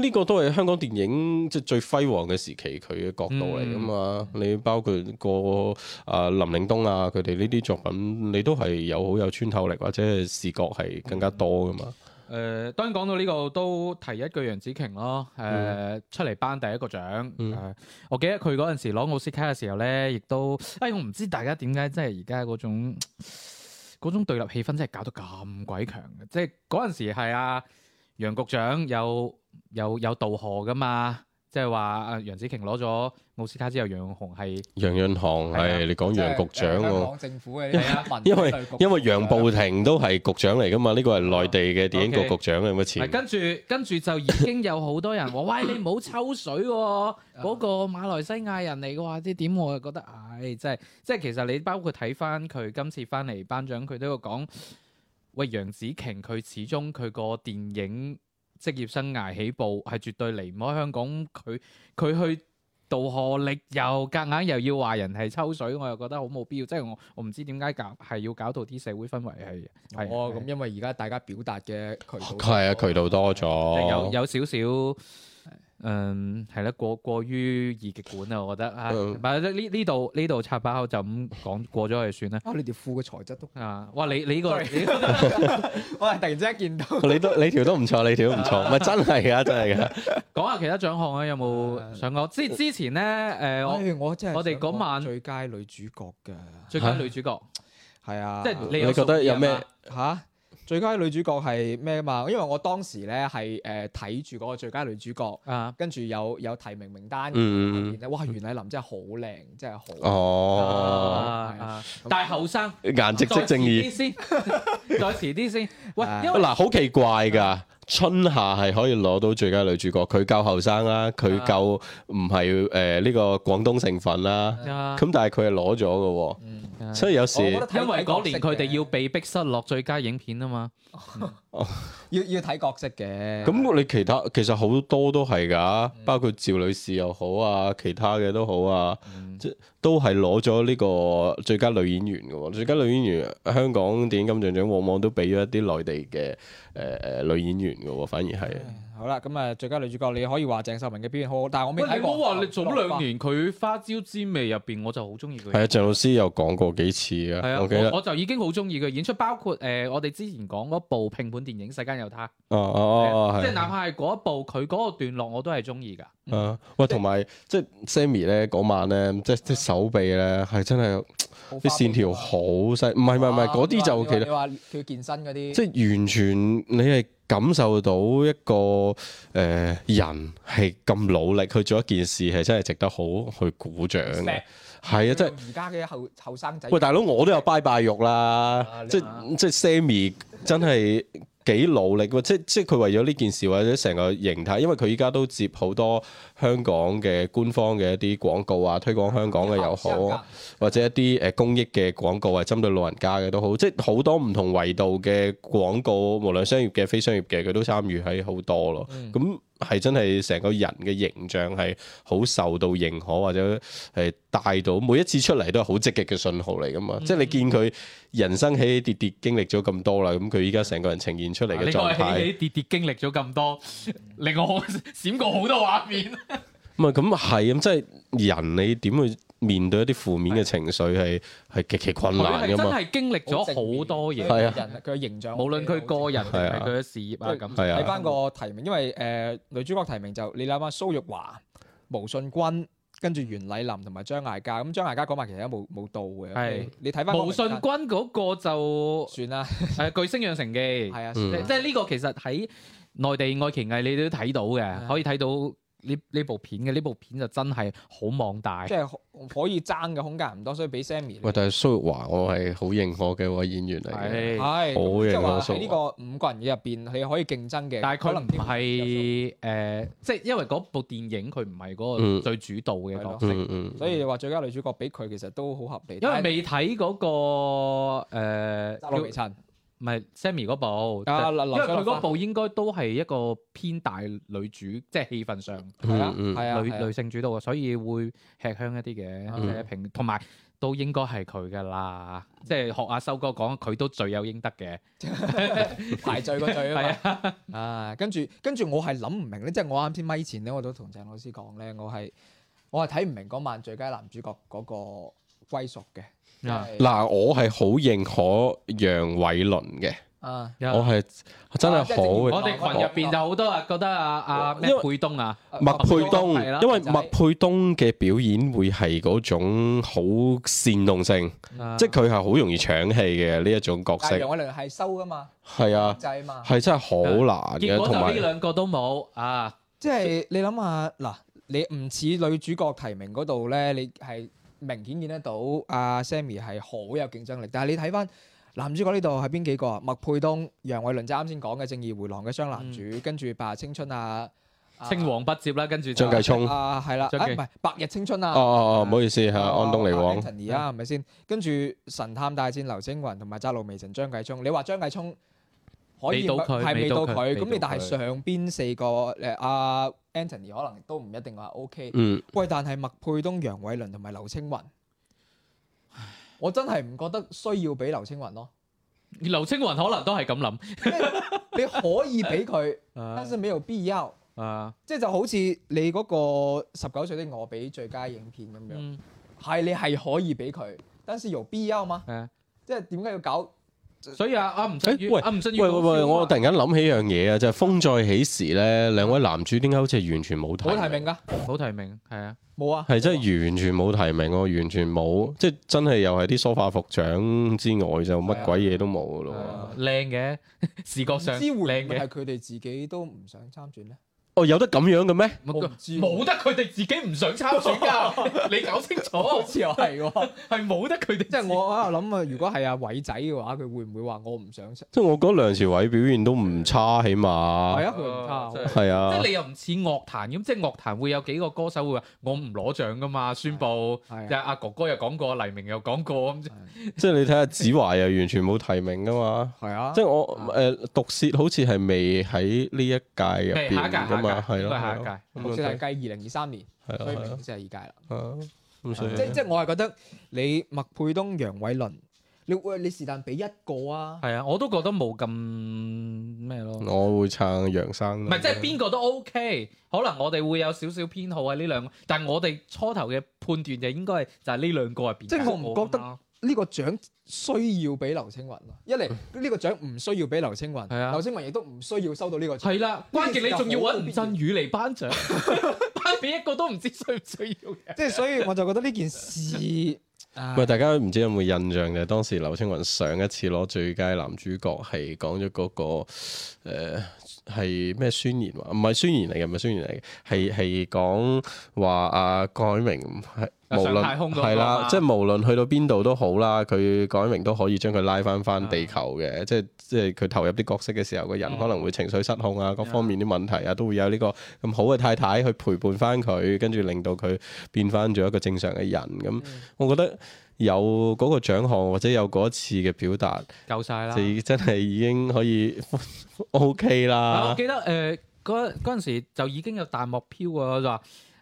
呢、哎、個都係香港電影即係最輝煌嘅時期，佢嘅角度嚟㗎嘛。嗯、你包括個啊林嶺東啊，佢哋呢啲作品，你都係有好有穿透力，或者視覺係更加多㗎嘛。嗯誒、呃，當然講到呢、這個都提一句楊紫瓊咯。誒、呃，嗯、出嚟頒第一個獎，呃嗯、我記得佢嗰陣時攞奧斯卡嘅時候咧，亦都誒，我唔知大家點解即係而家嗰種嗰種對立氣氛真係搞到咁鬼強嘅。即係嗰陣時係阿、啊、楊局長有有有道賀噶嘛。即係話，誒，楊紫瓊攞咗奧斯卡之後，楊潤雄係楊潤雄係，楊潤啊、你講楊局長喎？講政府嘅，因為因為楊步庭都係局長嚟噶嘛？呢個係內地嘅電影局局長啊，有乜錢？跟住跟住就已經有好多人話： *laughs* 喂，你唔好抽水喎、啊！嗰、那個馬來西亞人嚟嘅話，即點我又覺得，唉、哎，即係即係，其實你包括睇翻佢今次翻嚟頒獎，佢都要講喂，楊紫瓊佢始終佢個電影。職業生涯起步係絕對離唔開香港，佢佢去渡河力又夾硬又要話人係抽水，我又覺得好冇必要。即、就、係、是、我我唔知點解搞係要搞到啲社會氛圍係係哦咁，啊啊、因為而家大家表達嘅渠道係啊渠道多咗、啊，有有少少。嗯，係啦，過過於二極管啊。我覺得啊，唔係呢呢度呢度插把口就咁講過咗就算啦。哇，你條褲嘅材質都，哇你你呢個，我係突然之間見到，你都你條都唔錯，你條都唔錯，唔係真係噶真係噶。講下其他獎項啊，有冇想講？之之前咧，誒我我我哋嗰晚最佳女主角嘅，最佳女主角係啊，即係你覺得有咩啊？最佳女主角係咩嘛？因為我當時咧係誒睇住嗰個最佳女主角，啊，跟住有有提名名單入面，嗯、哇！袁澧林真係好靚，真係好，哦，但係後生，顏值即正義，嗯、再遲啲先，嗯、再遲啲先，喂、啊，嗱，啊、因為好奇怪㗎。春夏係可以攞到最佳女主角，佢夠後生啦，佢夠唔係誒呢個廣東成分啦，咁的但係佢係攞咗嘅，的所以有時因為嗰年佢哋要被逼失落最佳影片啊嘛，要要睇角色嘅。咁你其他其實好多都係㗎，的包括趙女士又好啊，其他嘅都好啊，即都係攞咗呢個最佳女演員嘅喎，最佳女演員香港電影金像獎往往都俾咗一啲內地嘅誒、呃呃、女演員嘅喎，反而係。好啦，咁啊，最佳女主角你可以話鄭秀文嘅表演好好但係我未睇過。唔好話你早兩年佢《花椒之味》入邊，我就好中意佢。係啊，鄭老師有講過幾次啊。係啊，我我就已經好中意佢演出，包括誒我哋之前講嗰部拼盤電影《世間有他》。哦哦哦，即係哪怕係嗰一部佢嗰個段落，我都係中意㗎。啊，喂，同埋即係 Sammy 咧嗰晚咧，即係即係手臂咧係真係啲線條好細。唔係唔係唔係，嗰啲就其實你話佢健身嗰啲。即係完全你係。感受到一個誒、呃、人係咁努力去做一件事，係真係值得好去鼓掌嘅。係啊、呃，即係而家嘅後後生仔。喂，大佬，我都有拜拜肉啦，即即 Sammy 真係。 *laughs* 幾努力喎，即即佢為咗呢件事或者成個形態，因為佢依家都接好多香港嘅官方嘅一啲廣告啊，推廣香港嘅又好，或者一啲誒公益嘅廣告啊，針對老人家嘅都好，即係好多唔同維度嘅廣告，無論商業嘅、非商業嘅，佢都參與喺好多咯。咁、嗯係真係成個人嘅形象係好受到認可，或者係帶到每一次出嚟都係好積極嘅信號嚟㗎嘛？嗯、即係你見佢人生起起跌跌經歷咗咁多啦，咁佢依家成個人呈現出嚟嘅狀態，啊、起起跌跌經歷咗咁多，令我閃過好多畫面。唔係咁係咁，即、就、係、是、人你點去？面對一啲負面嘅情緒係係極其困難噶嘛。佢真係經歷咗好多嘢，人佢嘅形象，無論佢個人定係佢嘅事業啊咁。睇翻個提名，因為誒女主角提名就你諗下，蘇玉華、毛舜筠，跟住袁麗林同埋張艾嘉。咁張艾嘉講埋其實而家冇冇到嘅。係你睇翻毛舜筠嗰個就算啦。係《巨星養成記》。係啊，即係呢個其實喺內地愛奇藝你都睇到嘅，可以睇到。呢呢部片嘅呢部片就真係好網大，即係可以爭嘅空間唔多，所以俾 Sammy。喂，但係蘇玉華我係好認可嘅位演員嚟嘅，好是、欸、認即係話喺呢個五個人嘅入邊，你可以競爭嘅。但係佢能係誒、呃，即係因為嗰部電影佢唔係嗰個最主導嘅角色，嗯嗯嗯、所以話最佳女主角俾佢其實都好合理。因為未睇嗰個誒扎羅陳。呃唔係 Sammy 嗰部，啊、因為佢嗰部應該都係一個偏大女主，嗯、即係戲份上，係啊，女啊女性主導，所以會吃香一啲嘅評，同埋、嗯、都應該係佢噶啦，嗯、即係學阿修哥講，佢都罪有應得嘅， *laughs* 排罪個罪 *laughs* 啊嘛。 *laughs* 啊，跟住跟住我係諗唔明咧，即、就、係、是、我啱先咪，咪前咧，我都同鄭老師講咧，我係我係睇唔明嗰晚最佳男主角嗰個歸屬嘅。嗱，我係好認可楊偉倫嘅，我係真係好。我哋群入邊就好多話覺得啊啊麥佩東啊，麥佩東，因為麥佩東嘅表演會係嗰種好煽動性，即係佢係好容易搶戲嘅呢一種角色。楊偉倫係收噶嘛？係啊，控嘛，係真係好難嘅。同埋呢兩個都冇啊，即係你諗下嗱，你唔似女主角提名嗰度咧，你係。明顯見得到阿 Sammy 係好有競爭力，但係你睇翻男主角呢度係邊幾個啊？麥佩東、楊偉倫，就啱先講嘅《正義回廊》嘅雙男主，跟住《白日青春》啊，《青黃不接》啦，跟住張繼聰啊，係啦，唔係《白日青春》啊，哦哦哦，唔、哦、好意思嚇，啊、安東尼王陳怡啊，係咪先？跟住《神探大戰》劉劉青雲同埋《窄路微塵》張繼聰，你話張繼聰？可以到佢，係未到佢，咁你但係上邊四個誒阿、啊、Anthony 可能都唔一定話 OK。嗯。喂，但係麥佩東、楊偉倫同埋劉青雲，我真係唔覺得需要俾劉青雲咯。劉青雲可能都係咁諗，啊、 *laughs* 你可以俾佢，但未有必要。啊，即係就，就好似你嗰個十九歲的我俾最佳影片咁樣，係、嗯、你係可以俾佢，但是有必要嗎？嗯、啊。即係點解要搞？所以啊啊唔使，欸，喂，啊唔使，喂喂喂，我突然間諗起樣嘢啊，就係、是《風再起時》咧，兩位男主點解好似係完全冇提，冇提名噶？冇提名，係啊，冇啊，係真係完全冇提名，我、啊、完全冇，全啊、即係真係又係啲梳化服獎之外就乜鬼嘢都冇咯，靚嘅視覺上靚嘅，係佢哋自己都唔想參選咧。有得咁樣嘅咩？冇得佢哋自己唔想參選噶，你搞清楚，好似又係喎，係冇得佢哋。即係我啊諗啊，如果係阿偉仔嘅話，佢會唔會話我唔想？即係我覺得梁朝偉表現都唔差，起碼係啊，佢唔差。係啊，即係你又唔似樂壇咁，即係樂壇會有幾個歌手會話我唔攞獎噶嘛？宣佈又阿哥哥又講過，黎明又講過咁。即係你睇下子華又完全冇提名噶嘛？係啊，即係我誒毒舌好似係未喺呢一屆入邊。係咯，下一屆，好似係計二零二三年，所以唔知係四十二屆啦。嗯，即即我係覺得你麥沛東、楊偉倫，你會你是但俾一個啊？係啊，我都覺得冇咁咩咯。我會撐楊生。唔係，即係邊個都 O K，可能我哋會有少少偏好啊呢兩個，但係我哋初頭嘅判斷就應該就係呢兩個入邊。即係我唔覺得。呢個獎需要俾劉青雲，一嚟呢、這個獎唔需要俾劉青雲，啊、劉青雲亦都唔需要收到呢個獎。係啦、啊，關鍵你仲要揾吳鎮宇嚟頒獎，頒俾 *laughs* 一個都唔知需唔需要嘅。即係所以我就覺得呢件事，唔係、 *laughs* 哎、大家唔知有冇印象嘅，當時劉青雲上一次攞最佳男主角係講咗嗰個誒係咩宣言話，唔係宣言嚟嘅，唔係宣言嚟嘅，係係講話啊改名。係。無論係啦，的啊、即係無論去到邊度都好啦，佢改名都可以將佢拉翻翻地球嘅。啊、即係即係佢投入啲角色嘅時候，個人可能會情緒失控啊，各、嗯、方面啲問題啊，嗯、都會有呢個咁好嘅太太去陪伴翻佢，跟住令到佢變翻做一個正常嘅人。咁我覺得有嗰個獎項或者有嗰一次嘅表達，夠晒啦，就真係已經可以 *laughs* OK 啦了、嗯啊。我記得誒，嗰嗰陣時就已經有彈幕飄過，就話。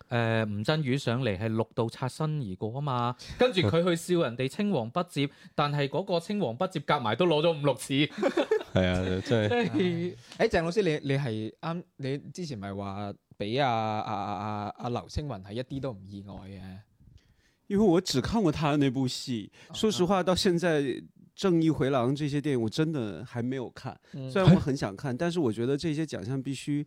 誒，吳鎮宇上嚟係六度擦身而過啊嘛，跟住佢去笑人哋青黃不接， *laughs* 但係嗰個青黃不接夾埋都攞咗五六次，係 *laughs* 啊， *laughs* 即係。誒 *laughs* 欸，鄭老師，你你係啱，你之前咪話俾阿阿阿阿阿劉青雲係一啲都唔意外嘅。因為我只看過他嘅那部戲，說實話，到現在《正義回廊》這些電影，我真的還沒有看。雖然我很想看，但是我覺得這些獎項必須。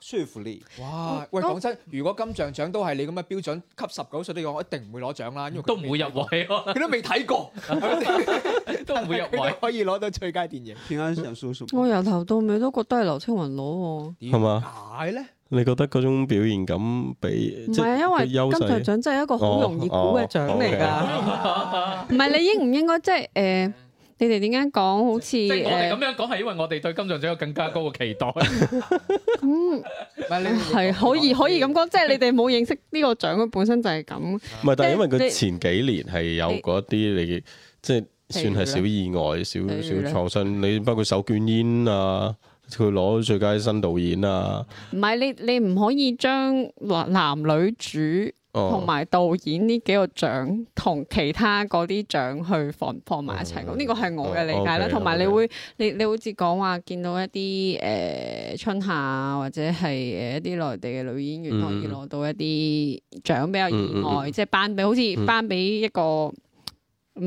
舒服啲，哇！喂，講真，哦、如果金像獎都係你咁嘅標準，吸十九歲啲嘢，我一定唔會攞獎啦，因為都唔會入圍，佢 *laughs* 都未睇過， *laughs* 都唔會入圍， *laughs* 可以攞到最佳電影。點解我由頭到尾都覺得係劉青雲攞喎，係嘛？解咧？你覺得嗰種表現咁畀？唔係因為金像獎真係一個好容易估嘅獎嚟㗎，唔係你應唔應該即係誒？即係呃你哋點解講好似？即係我哋咁樣講係因為我哋對金像獎有更加高嘅期待。你係可以可以咁講，即係你哋冇認識呢個獎，佢本身就係咁。唔係，但係因為佢前幾年係有嗰啲你即係算係少意外、少少創新，你包括手捲煙啊，佢攞最佳新導演啊。唔係，你你唔可以將男男女主。同埋導演呢幾個獎同其他嗰啲獎去放放埋一齊，咁呢個係我嘅理解啦。同埋、哦 okay，你會你你好似講話見到一啲誒、呃、春夏或者係誒一啲內地嘅女演員、嗯、可以攞到一啲獎比較意外，即係、嗯嗯嗯、頒俾好似頒俾一個唔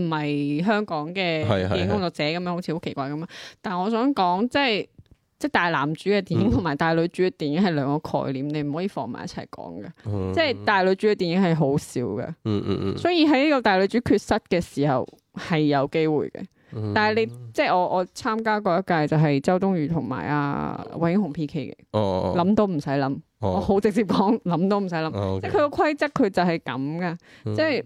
係香港嘅電影工作者咁樣，好似好奇怪咁樣！但係我想講即係。即係大男主嘅電影同埋大女主嘅電影係兩個概念，你唔可以放埋一齊講嘅。 *noise* 即係大女主嘅電影係好少嘅，所以喺呢個大女主缺失嘅時候係有機會嘅。但係你即係我我參加過一屆就係周冬雨同埋啊惠英紅 P K 嘅，諗、oh, oh. 都唔使諗，oh, oh. 我好直接講，諗都唔使諗。Oh, okay. 即係佢個規則佢就係咁噶， *noise* 即係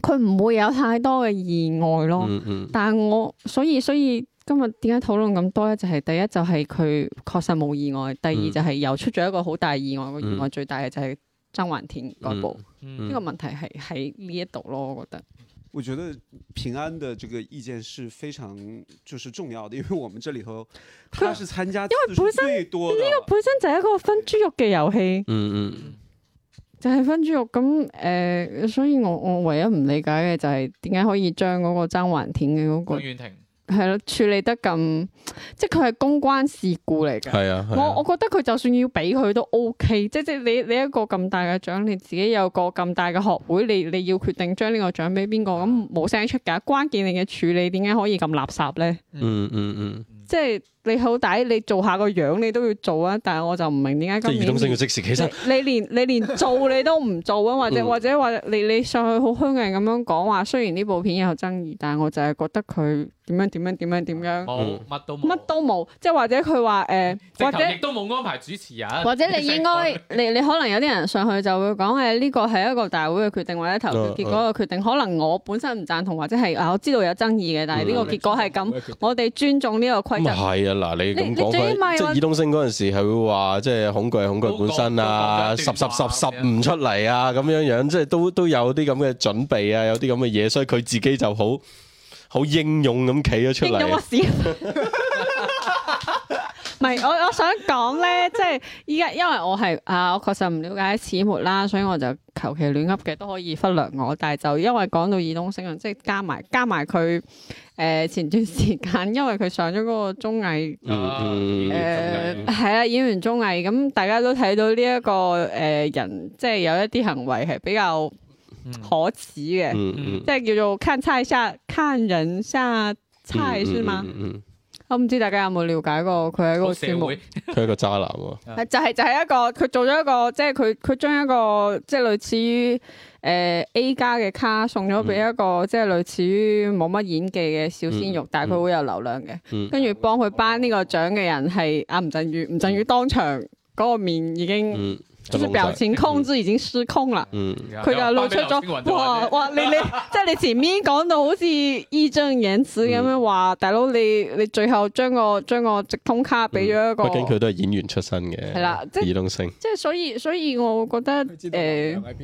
佢唔會有太多嘅意外咯。Oh, oh. 嗯、但係我所以,所以所以。今日點解討論咁多咧？就係、是、第一就係佢確實冇意外，第二就係又出咗一個好大意外。個意外最大嘅就係曾雲田嗰個呢個問題係喺呢一度咯，我覺得。我覺得平安嘅這個意見是非常就是重要的，因為我們這裡頭他是參加，因為本身呢、這個呢個本身就係一個分豬肉嘅遊戲。嗯嗯、就係分豬肉咁誒、呃，所以我我唯一唔理解嘅就係點解可以將嗰個曾雲田嘅嗰、嗰個。係咯，處理得咁即係佢係公關事故嚟嘅。我、啊啊、我覺得佢就算要俾佢都 OK，即即你你一個咁大嘅獎，你自己有個咁大嘅學會，你你要決定將呢個獎俾邊個，咁冇聲出㗎。關鍵你嘅處理點解可以咁垃圾咧、嗯？嗯嗯嗯。即係你好歹，你做下個樣你都要做啊！但係我就唔明點解咁，年即性嘅即時，其實你連你連做你都唔做啊！或者 *laughs* 或者或者你你上去好虛偽咁樣講話，雖然呢部片有爭議，但係我就係覺得佢點樣點樣點樣點樣、嗯，冇乜都乜都冇，即係或者佢話誒或者都冇安排主持人、啊，或者你應該 *laughs* 你你可能有啲人上去就會講誒呢個係一個大會嘅決定或者投票結果嘅決定，嗯嗯、可能我本身唔贊同或者係啊我知道有爭議嘅，但係呢個結果係咁、嗯嗯嗯嗯嗯嗯，我哋尊重呢個規。 *laughs* 係啊，嗱，你咁講返，即係以東升嗰陣時，係會話即係恐懼，恐懼本身啊，十十十十唔出嚟啊，咁樣樣，即係都都有啲咁嘅準備啊，有啲咁嘅嘢，所以佢自己就好好英勇咁企咗出嚟。 *laughs* 唔係，我我想講咧，即係依家，因為我係啊，我確實唔了解始末啦，所以我就求其亂噏嘅都可以忽略我。但係就因為講到爾冬升，即係加埋加埋佢誒前段時間，因為佢上咗嗰個綜藝誒，係、嗯、啦、啊，演員綜藝，咁、嗯嗯、大家都睇到呢一個誒人，即、呃、係、就是、有一啲行為係比較可恥嘅，即係叫做看菜下看人下菜，是、嗯、嗎？嗯嗯嗯嗯嗯嗯我唔知大家有冇了解過佢係一個黐妹會，佢係 *laughs* 個渣男喎、 *laughs* 就是。就係就係一個佢做咗一個，即係佢佢將一個即係、就是就是、類似於誒、呃、A 加嘅卡送咗俾一個即係、嗯、類似於冇乜演技嘅小鮮肉，嗯、但係佢好有流量嘅。跟住、嗯、幫佢頒呢個獎嘅人係阿、啊、吳鎮宇，吳鎮宇當場嗰個面已經。嗯嗯就是表情控制已經失控啦。嗯，佢就露出咗，嗯、哇哇你你， *laughs* 即係你前面講到好似義正言辭咁樣話、嗯，大佬你你最後將個將個直通卡俾咗一個，畢竟佢都係演員出身嘅，係啦、嗯，即係耳窿聲，即係所以所以，所以我覺得，誒、呃，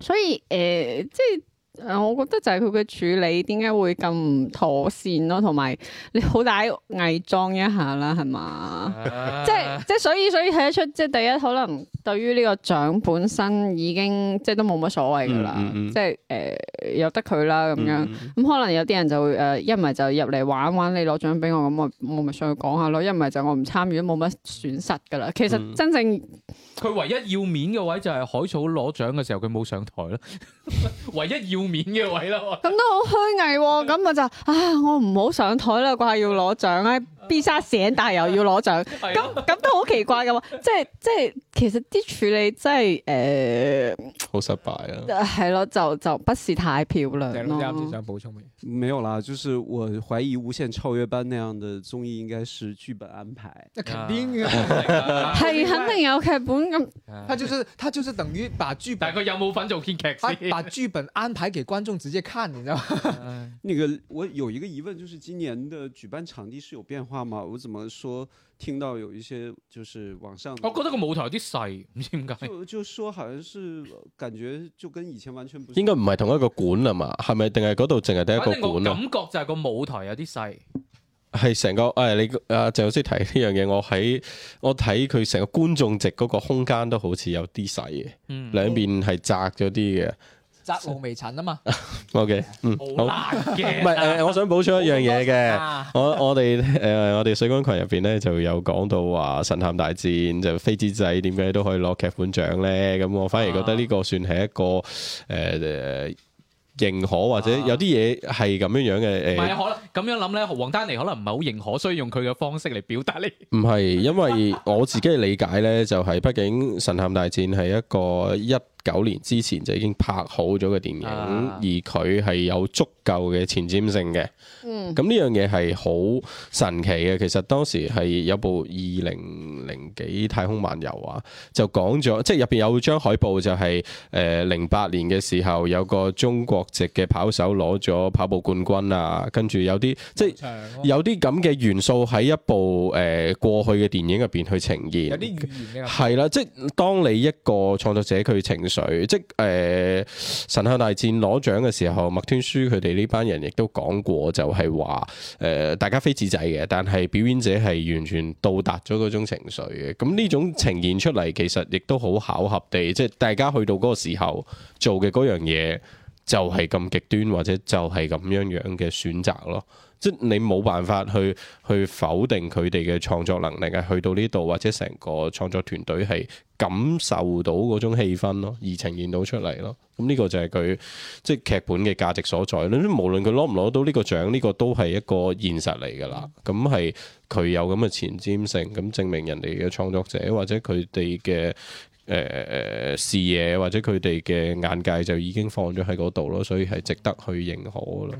所以誒、呃、即係。啊，我覺得就係佢嘅處理點解會咁唔妥善咯，同埋你好歹偽裝一下啦，係嘛？ *laughs* 即係即係，所以所以睇得出，即係第一可能對於呢個獎本身已經即係都冇乜所謂㗎啦，嗯嗯嗯、即係誒由得佢啦咁樣。咁、嗯嗯嗯、可能有啲人就誒一唔係就入嚟玩玩，玩你攞獎俾我，咁我我咪上去講下咯。一唔係就我唔參與都冇乜損失㗎啦。其實真正、嗯。佢唯一要面嘅位就係海草攞獎嘅時候，佢冇上台 *laughs* 唯一要面嘅位啦，咁都好虛偽喎、啊。咁 *laughs* 我就唉我不要要啊，我唔好上台啦，掛要攞獎。必曬醒，但係又要攞獎，咁咁 *laughs* 對、啊、都好奇怪噶喎！即係即係，其實啲處理真係誒，好、呃、失敗啊！係咯、呃，就就不是太漂亮。第二隻獎冇出面。沒有啦，就是我懷疑《無限超越班》那樣嘅綜藝，應該是劇本安、啊、排。那肯定係肯定有劇本咁、啊。佢 *laughs* 就是佢就是等於把劇本，但係佢有冇份做編劇先、啊？把劇本安排給觀眾直接看，你知道嗎？ *laughs* *laughs* 那個我有一個疑問，就是今年嘅舉辦場地是有變化。我怎麼說？聽到有一些就是網上，我覺得個舞台有啲細，唔知點解。就就說，好像是感覺就跟以前完全唔一樣，應該唔係同一個館啊嘛，係咪？定係嗰度淨係得一個館？感覺就係個舞台有啲細，係成個誒、哎，你啊鄭老師，提呢樣嘢，我喺我睇佢成個觀眾席嗰個空間都好似有啲細嘅，兩邊係窄咗啲嘅。責無未陳啊嘛，OK，嗯，好，唔係誒，我想補充一樣嘢嘅，我我哋誒我哋水軍群入邊咧就有講到話《神探大戰》就飛紙仔點解都可以攞劇本獎咧，咁我反而覺得呢個算係一個誒認可或者有啲嘢係咁樣樣嘅誒，唔係啊，可能咁樣諗咧，王丹妮可能唔係好認可，所以用佢嘅方式嚟表達呢，唔係，因為我自己嘅理解咧，就係畢竟《神探大戰》係一個一。九年之前就已經拍好咗嘅電影，啊、而佢係有足夠嘅前瞻性嘅。嗯，咁呢樣嘢係好神奇嘅。其實當時係有部二零零幾太空漫遊啊，就講咗，即係入邊有張海報就係誒零八年嘅時候有個中國籍嘅跑手攞咗跑步冠軍啊，跟住有啲、嗯、即係有啲咁嘅元素喺一部誒、呃、過去嘅電影入邊去呈現有啲語言㗎。係啦，即係當你一個創作者佢情緒。即係、呃、神探大戰攞獎嘅時候，麥天書佢哋呢班人亦都講過就，就係話誒大家非自仔嘅，但係表演者係完全到達咗嗰種情緒嘅。咁、嗯、呢種呈現出嚟，其實亦都好巧合地，即係大家去到嗰個時候做嘅嗰樣嘢。就係咁極端，或者就係咁樣樣嘅選擇咯。即你冇辦法去去否定佢哋嘅創作能力係，去到呢度，或者成個創作團隊係感受到嗰種氣氛咯，而呈見現到出嚟咯。咁、這、呢個就係佢即係劇本嘅價值所在啦。無論佢攞唔攞到呢個獎，呢、這個都係一個現實嚟㗎啦。咁係佢有咁嘅前瞻性，咁證明人哋嘅創作者或者佢哋嘅。誒、呃、視野或者佢哋嘅眼界就已經放咗喺嗰度咯，所以係值得去認可咯。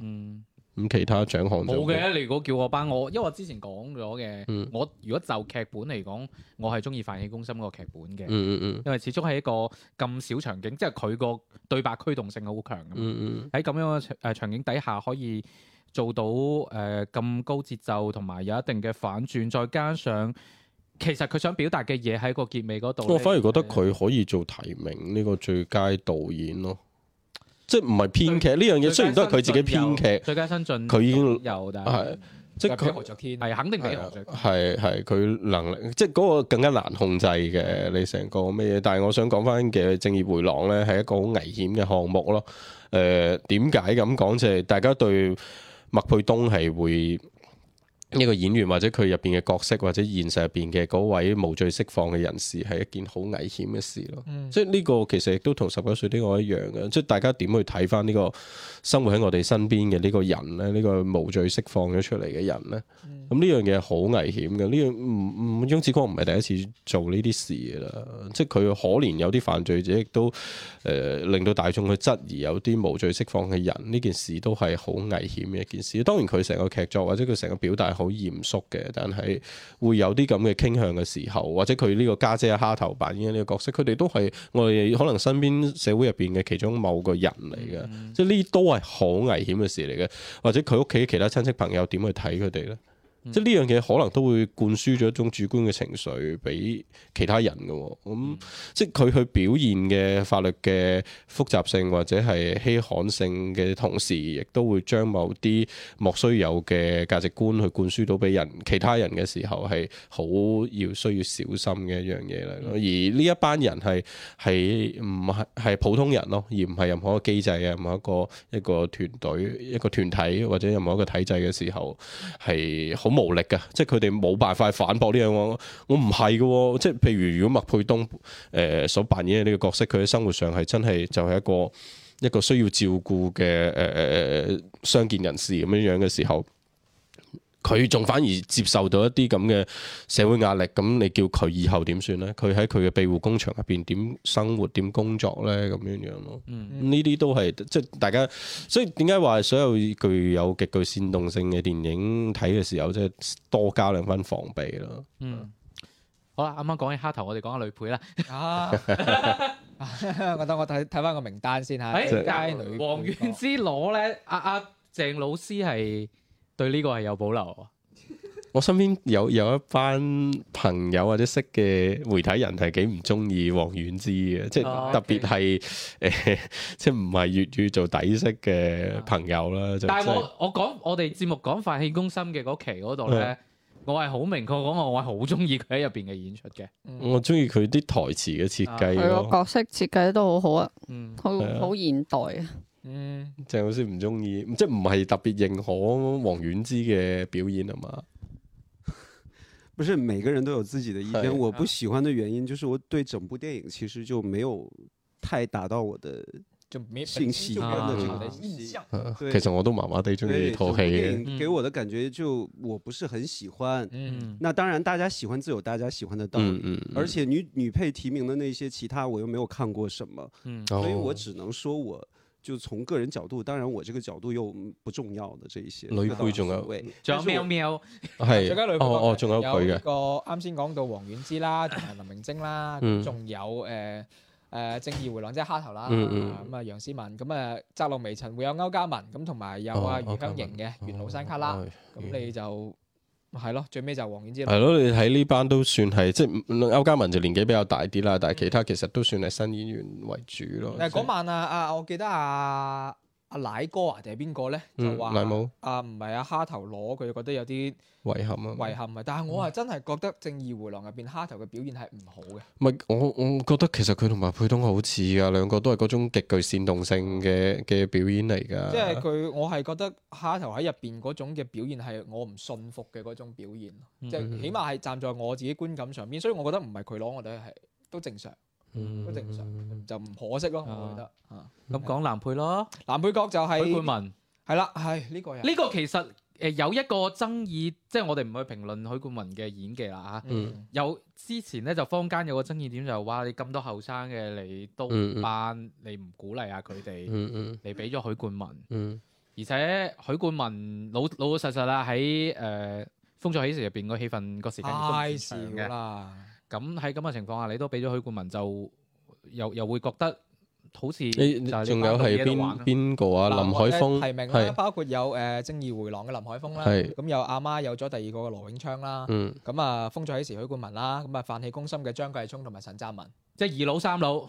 嗯，咁其他獎項就冇嘅。你如果叫我班我，因為我之前講咗嘅，嗯、我如果就劇本嚟講，我係中意《飯氣攻心》嗰個劇本嘅、嗯。嗯嗯嗯。因為始終係一個咁小場景，即係佢個對白驅動性好強。嗯喺咁、嗯、樣嘅誒場景底下，可以做到誒咁高節奏，同埋有一定嘅反轉，再加上。其實佢想表達嘅嘢喺個結尾嗰度。我反而覺得佢可以做提名呢是個最佳導演咯，即係唔係編劇呢佳樣嘢？雖然都係佢自己編劇。最佳新晉。佢但已經有，但係即係佢何爵天係肯定係何爵天係佢能力，即係嗰個更加難控制嘅，你成個咩嘢？但係我想講翻嘅正義回廊咧，係一個好危險嘅項目咯。誒點解咁講？就係大家對麥沛東係會。一個演員或者佢入邊嘅角色，或者現實入邊嘅嗰位無罪釋放嘅人士，係一件好危險嘅事咯。嗯、即係呢個其實亦都同十九歲呢我一樣嘅，即係大家點去睇翻呢個生活喺我哋身邊嘅呢個人咧？呢、呢個無罪釋放咗出嚟嘅人咧，咁呢、嗯、樣嘢好危險嘅。呢樣唔唔，嗯、子光唔係第一次做呢啲事噶啦。即係佢可憐有啲犯罪者，亦都誒令到大眾去質疑有啲無罪釋放嘅人呢件事都係好危險嘅一件事。當然佢成個劇作或者佢成個表達。好嚴肅嘅，但係會有啲咁嘅傾向嘅時候，或者佢呢個家姐啊蝦頭扮演呢個角色，佢哋都係我哋可能身邊社會入邊嘅其中某個人嚟嘅，嗯、即係呢啲都係好危險嘅事嚟嘅，或者佢屋企其他親戚朋友點去睇佢哋呢？即係呢樣嘢可能都會灌輸咗一種主觀嘅情緒俾其他人嘅，咁、嗯、即係佢去表現嘅法律嘅複雜性或者係稀罕性嘅同時亦都會將某啲莫須有嘅價值觀去灌輸到俾人其他人嘅時候係好要需要小心嘅一樣嘢嚟咯，嗯、而呢一班人係係唔係係普通人咯，而唔係任何一個機制嘅任何一個一個團隊一個團體或者任何一個體制嘅時候係好。無力噶，即係佢哋冇辦法反駁呢樣。我我唔係噶，即係譬如如果麥沛東誒、呃、所扮演嘅呢個角色，佢喺生活上係真係就係一個一個需要照顧嘅誒誒誒傷健人士咁樣樣嘅時候。佢仲反而接受到一啲咁嘅社會壓力，咁、嗯、你叫佢以後點算咧？佢喺佢嘅庇護工場入邊點生活、點工作咧？咁樣這樣咯，咁呢啲都係即係大家，所以點解話所有具有極具煽動性嘅電影睇嘅時候，即係多加兩分防備咯。嗯，好啦，啱啱講起蝦頭，我哋講下女配啦。啊，我等我睇睇翻個名單先嚇。哎，王菀之攞咧，阿阿鄭老師係。對，呢個係有保留。 *laughs* 我身邊有有一班朋友或者識嘅媒體人係幾唔中意王菀之嘅，即係特別係誒、哦欸，即係唔係粵語做底色嘅朋友啦。嗯、就但係我我講我哋節目講飯戲攻心嘅嗰期嗰度咧，對我係好明確講，我係好中意佢喺入邊嘅演出嘅。嗯、我中意佢啲台詞嘅設計，佢個、嗯、角色設計都好好啊，好好、嗯、 *laughs* 現代啊！嗯，鄭老師唔中意，即係唔係特別認可王菀之嘅表演啊嘛？ *laughs* 不是每個人都有自己嘅意見，是我不喜歡的原因，就是我對整部電影其實就沒有太達到我的性、啊、就沒新舊變的、啊、對其實我都麻麻地中意呢套戲，就是、電影給我的感覺就我不是很喜歡。嗯，那當然大家喜歡自有大家喜歡的道理。嗯，而且女女配提名的那些其他我又沒有看過什麼，嗯，所以我只能說我。就從個人角度，當然我這個角度又唔重要的，這一些，女配重要，仲有喵喵，係，哦哦，仲有可嘅。個啱先講到黃婉之啦，同埋林明晶啦，仲有誒誒正義迴廊即係蝦頭啦，咁啊楊思文，咁啊窄路微塵會有歐嘉文，咁同埋有啊余香凝嘅緣路山旮旯。咁你就。係咯，最尾就黃菀之。係咯，你喺呢班都算係，即係歐嘉文就年紀比較大啲啦，但係其他其實都算係新演員為主咯。嗱，嗰晚啊啊，我記得啊。奶哥定係邊個咧？就話啊，唔係阿蝦頭攞佢覺得有啲遺憾啊，遺憾啊！但係我係真係覺得《正義回廊》入邊蝦頭嘅表現係唔好嘅。唔係，我我覺得其實佢同埋沛東好似噶，兩個都係嗰種極具煽動性嘅嘅表演嚟噶。即係佢，我係覺得蝦頭喺入邊嗰種嘅表現係我唔信服嘅嗰種表現，即係起碼係站在我自己觀感上邊，所以我覺得唔係佢攞我哋係都正常。都正常，就唔可惜咯，我覺得。啊，咁講男配咯，男配角就係許冠文，係啦，係呢個。呢個其實誒有一個爭議，即係我哋唔去評論許冠文嘅演技啦嚇。有之前咧就坊間有個爭議點就係話你咁多後生嘅嚟當班，你唔鼓勵下佢哋，嗯嚟俾咗許冠文，而且許冠文老老老實實啦，喺誒《風再起時》入邊個戲份個時間太少啦。咁喺咁嘅情況下，你都俾咗許冠文，就又又會覺得好似，仲有係邊邊個啊？林海峯係，包括有誒《正義迴廊》嘅林海峰啦，咁是有阿媽有咗第二個嘅羅永昌啦，咁啊是封咗起時許冠文啦，咁啊飯氣攻心嘅張繼聰同埋陳湛文，即係二老三老。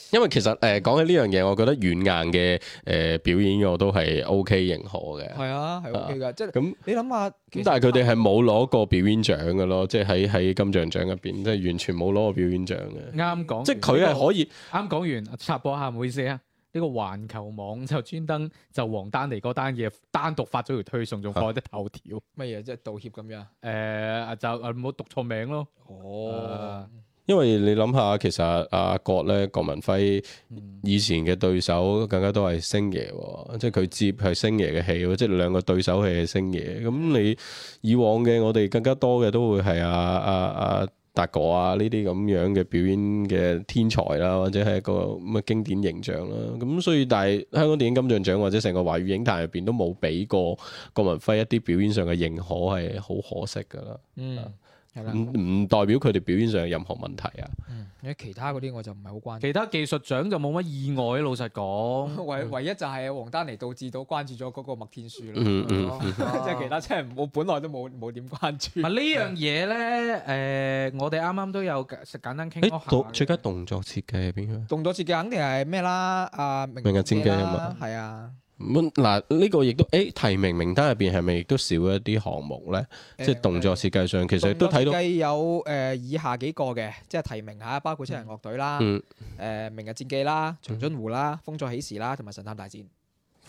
因為其實誒講、呃、起呢樣嘢，我覺得軟硬嘅誒、呃、表演我都係 O K 認可嘅。係啊，係 O K 噶，啊、即係咁你諗下。咁但係佢哋係冇攞過表演獎噶咯，即係喺喺金像獎入邊，即係完全冇攞過表演獎嘅。啱講，即係佢係可以。啱講、這個、完插播下，唔好意思啊，呢、這個環球網就專登就黃丹妮嗰單嘢單獨發咗條推送，仲放得頭條。乜嘢、啊？即係道歉咁樣？誒、呃，就唔好讀錯名咯。哦。哦哦因為你諗下，其實阿郭咧，郭文輝以前嘅對手更加都係星爺，即係佢接係星爺嘅戲，即係兩個對手係星爺。咁你以往嘅我哋更加多嘅都會係阿阿阿達哥啊呢啲咁樣嘅表演嘅天才啦，或者係一個咁嘅經典形象啦。咁所以但係香港電影金像獎或者成個華語影壇入邊都冇俾過郭文輝一啲表演上嘅認可，係好可惜噶啦。嗯。唔唔代表佢哋表演上有任何問題啊！嗯，其他嗰啲我就唔係好關注。其他技術獎就冇乜意外，老實講，唯唯一就係黃丹妮導致到關注咗嗰個麥天樹咯。即係其他即係冇本來都冇冇點關注。呢樣嘢咧？誒，我哋啱啱都有食簡單傾。最佳緊動作設計喺邊啊？動作設計肯定係咩啦？啊，明日戰記係嘛？係啊！嗱，呢個亦都，誒提名名單入邊係咪亦都少一啲項目咧？呃、即係動作設計上，其實計都睇到計有誒以下幾個嘅，即係提名嚇，包括《七人樂隊》啦，誒《明日戰記》啦，《長津湖》啦，《風再起時》啦，同埋《神探大戰》。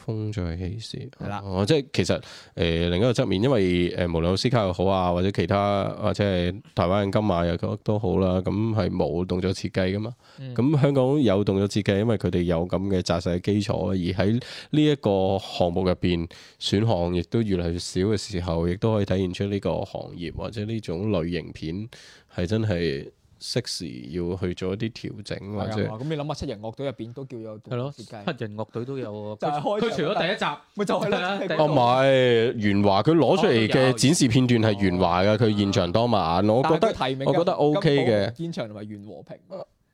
風再起時，係啦了，哦，即係其實誒、呃，另一個側面，因為誒、呃，無論奧斯卡又好啊，或者其他或者係台灣金馬又都都好啦，咁係冇動作設計噶嘛。咁、嗯嗯、香港有動作設計，因為佢哋有咁嘅紮實嘅基礎。而喺呢一個項目入邊，選項亦都越嚟越少嘅時候，亦都可以體現出呢個行業或者呢種類型片係真係。適時要去做一啲調整或者咁你諗下七人樂隊入邊都叫有設計，七人樂隊都有就佢除咗第一集咪就係啦。哦，唔係，元華佢攞出嚟嘅展示片段係元華嘅，佢現場當晚，我覺得我覺得 O K 嘅。現場同埋袁和平。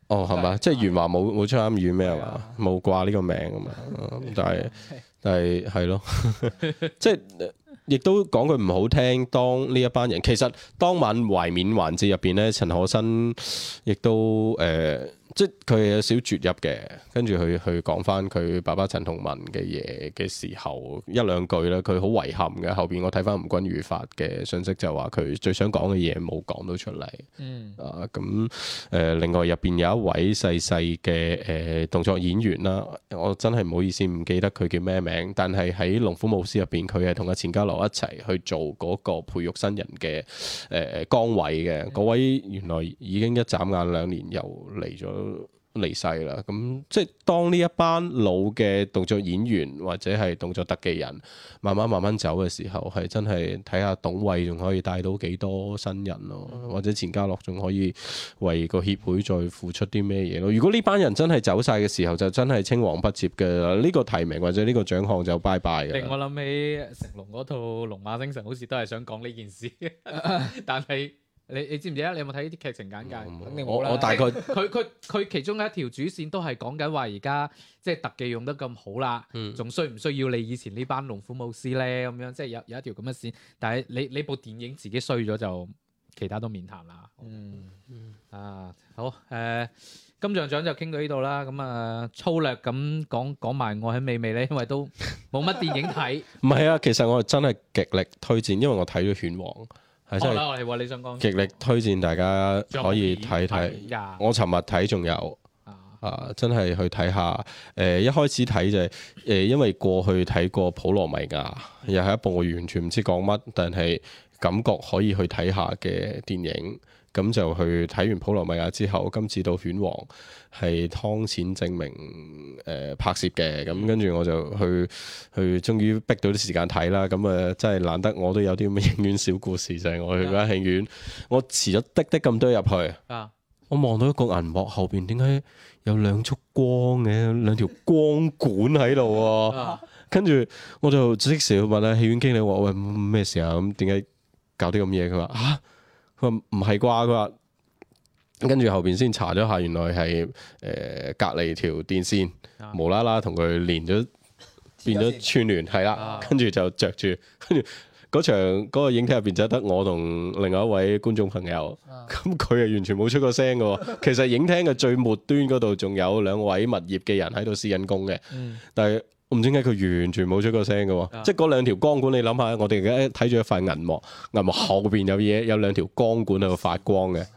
哦，係嘛，即係元華冇冇參與咩嘛，冇掛呢個名啊嘛，但係但係係咯，即係。亦都講句唔好聽，當呢一班人其實當晚懷緬環節入面呢，陳可辛亦都誒、呃即係佢有少絕入嘅，跟住佢佢講翻佢爸爸陳同文嘅嘢嘅時候一兩句啦，佢好遺憾嘅。後邊我睇翻吳君如發嘅信息就話佢最想講嘅嘢冇講到出嚟。嗯、啊咁誒、嗯，另外入邊有一位細細嘅誒動作演員啦，我真係唔好意思唔記得佢叫咩名，但係喺《龍虎武師》入邊佢係同阿錢嘉樂一齊去做嗰個培育新人嘅誒崗位嘅嗰位，原來已經一眨眼兩年又嚟咗。離世啦，咁即係當呢一班老嘅動作演員或者係動作特技人慢慢慢慢走嘅時候，係真係睇下董瑋仲可以帶到幾多新人咯，或者錢嘉樂仲可以為個協會再付出啲咩嘢咯。如果呢班人真係走晒嘅時候，就真係青黃不接嘅啦。呢、呢個提名或者呢個獎項就拜拜嘅。令我諗起成龍嗰套《龍馬精神》好似都係想講呢件事， *laughs* 但係。你你知唔知啊？你有冇睇呢啲劇情簡介？冇，肯定冇啦。我，我大概佢佢佢其中一條主線都係講緊話而家即係特技用得咁好啦，仲、嗯、需唔需要你以前呢班龍虎武師咧？咁樣即係有有一條咁嘅線。但係你你部電影自己衰咗就其他都免談啦。嗯，好嗯啊好誒、呃、金像獎就傾到呢度啦。咁啊、呃、粗略咁講講埋《愛喺美味》咧，因為都冇乜電影睇。唔係啊，其實我真係極力推薦，因為我睇咗《犬王》。係，真係極力推薦大家可以睇睇。我尋日睇仲有啊，啊真係去睇下。誒、呃、一開始睇就係、是、誒、呃，因為過去睇過《普羅米亞》，又係一部我完全唔知講乜，但係感覺可以去睇下嘅電影。咁就去睇完《普羅米亞》之後，今次到《犬王》。係湯錢證明，誒、呃、拍攝嘅。咁、嗯、跟住我就去去，終於逼到啲時間睇啦。咁、嗯、啊，真係難得，我都有啲咁嘅影院小故事，就係我去間戲院，啊、我遲咗滴滴咁多入去，啊、我望到一個銀幕後邊點解有兩束光嘅？兩條光管喺度、啊，啊、跟住我就即時問吓戲院經理話：喂，咩事啊？咁點解搞啲咁嘢？佢話啊，佢話唔係啩？佢話。跟住後邊先查咗下，原來係誒、呃、隔離條電線、啊、無啦啦同佢連咗，變咗串聯係啦、啊。跟住就着住，跟住嗰場嗰、嗰個影廳入邊就得我同另外一位觀眾朋友，咁佢係完全冇出個聲嘅。啊、其實影廳嘅最末端嗰度仲有兩位物業嘅人喺度施緊工嘅，嗯、但係唔知點解佢完全冇出個聲嘅。即係嗰兩條光管，你諗下，我哋而家睇住一塊銀幕，銀幕後邊有嘢，有兩條光管喺度發光嘅。 *laughs*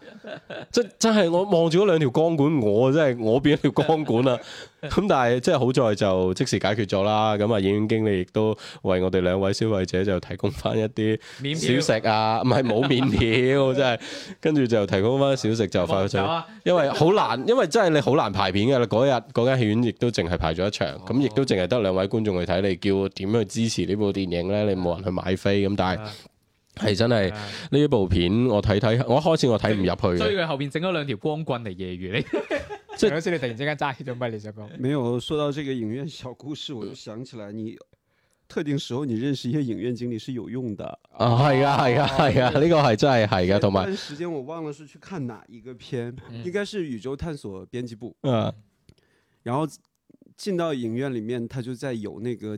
即 *laughs* 真係我望住嗰兩條光管，我真係我變一條光管啦。咁但係即係好在就即時解決咗啦。咁啊，影院經理亦都為我哋兩位消費者就提供翻一啲小食啊，唔係冇免票，面 *laughs* 真係。跟住就提供翻小食就快咗。啊、因為好難，因為真係你好難排片噶啦。嗰日嗰間戲院亦都淨係排咗一場，咁亦、哦、都淨係得兩位觀眾去睇。你叫點樣去支持呢部電影呢？你冇人去買飛咁，但係。係真係呢、嗯、一部片，我睇睇，我一開始我睇唔入去，所以佢後邊整咗兩條光棍嚟夜雨。你，即係嗰你突然之間揸起咗咪你隻歌。沒有說到這個影院小故事，我就想起來你特定時候你認識一些影院經理是有用的。哎、哦、啊，呀啊，呢個係真係係嘅，同埋段時間我忘了是去看哪一個片，嗯、應該是宇宙探索編輯部。嗯，然後進到影院裏面，他就在有那個。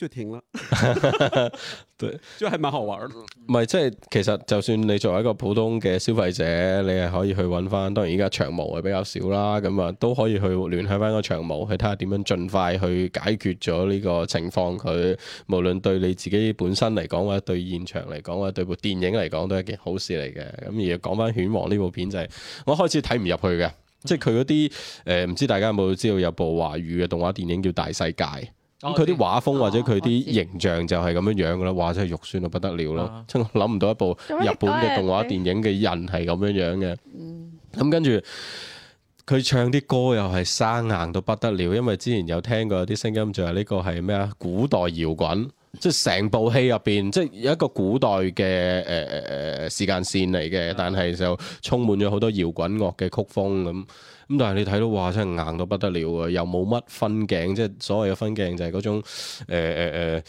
就停啦， *laughs* *laughs* 對，就係蠻好玩咯。唔係，即係其實就算你作為一個普通嘅消費者，你係可以去揾翻。當然而家長毛係比較少啦，咁啊都可以去聯繫翻個長毛，去睇下點樣盡快去解決咗呢個情況。佢無論對你自己本身嚟講，或者對現場嚟講，或者對部電影嚟講，都係一件好事嚟嘅。咁而講翻《犬王》呢部片就係，我開始睇唔入去嘅，即係佢嗰啲誒，唔知大家有冇知道有部華語嘅動畫電影叫《大世界》。咁佢啲畫風或者佢啲形象就係咁樣樣㗎喇，哇！真係肉酸到不得了囉，啊、真諗唔到一部日本嘅動畫電影嘅人係咁樣樣嘅。咁跟住佢唱啲歌又係生硬到不得了，因為之前有聽過有啲聲音，仲係呢個係咩啊？古代搖滾。即係成部戲入邊，即係有一個古代嘅誒誒誒時間線嚟嘅，但係就充滿咗好多搖滾樂嘅曲風咁。咁但係你睇到哇，真係硬到不得了啊！又冇乜分鏡，即係所謂嘅分鏡就係嗰種誒誒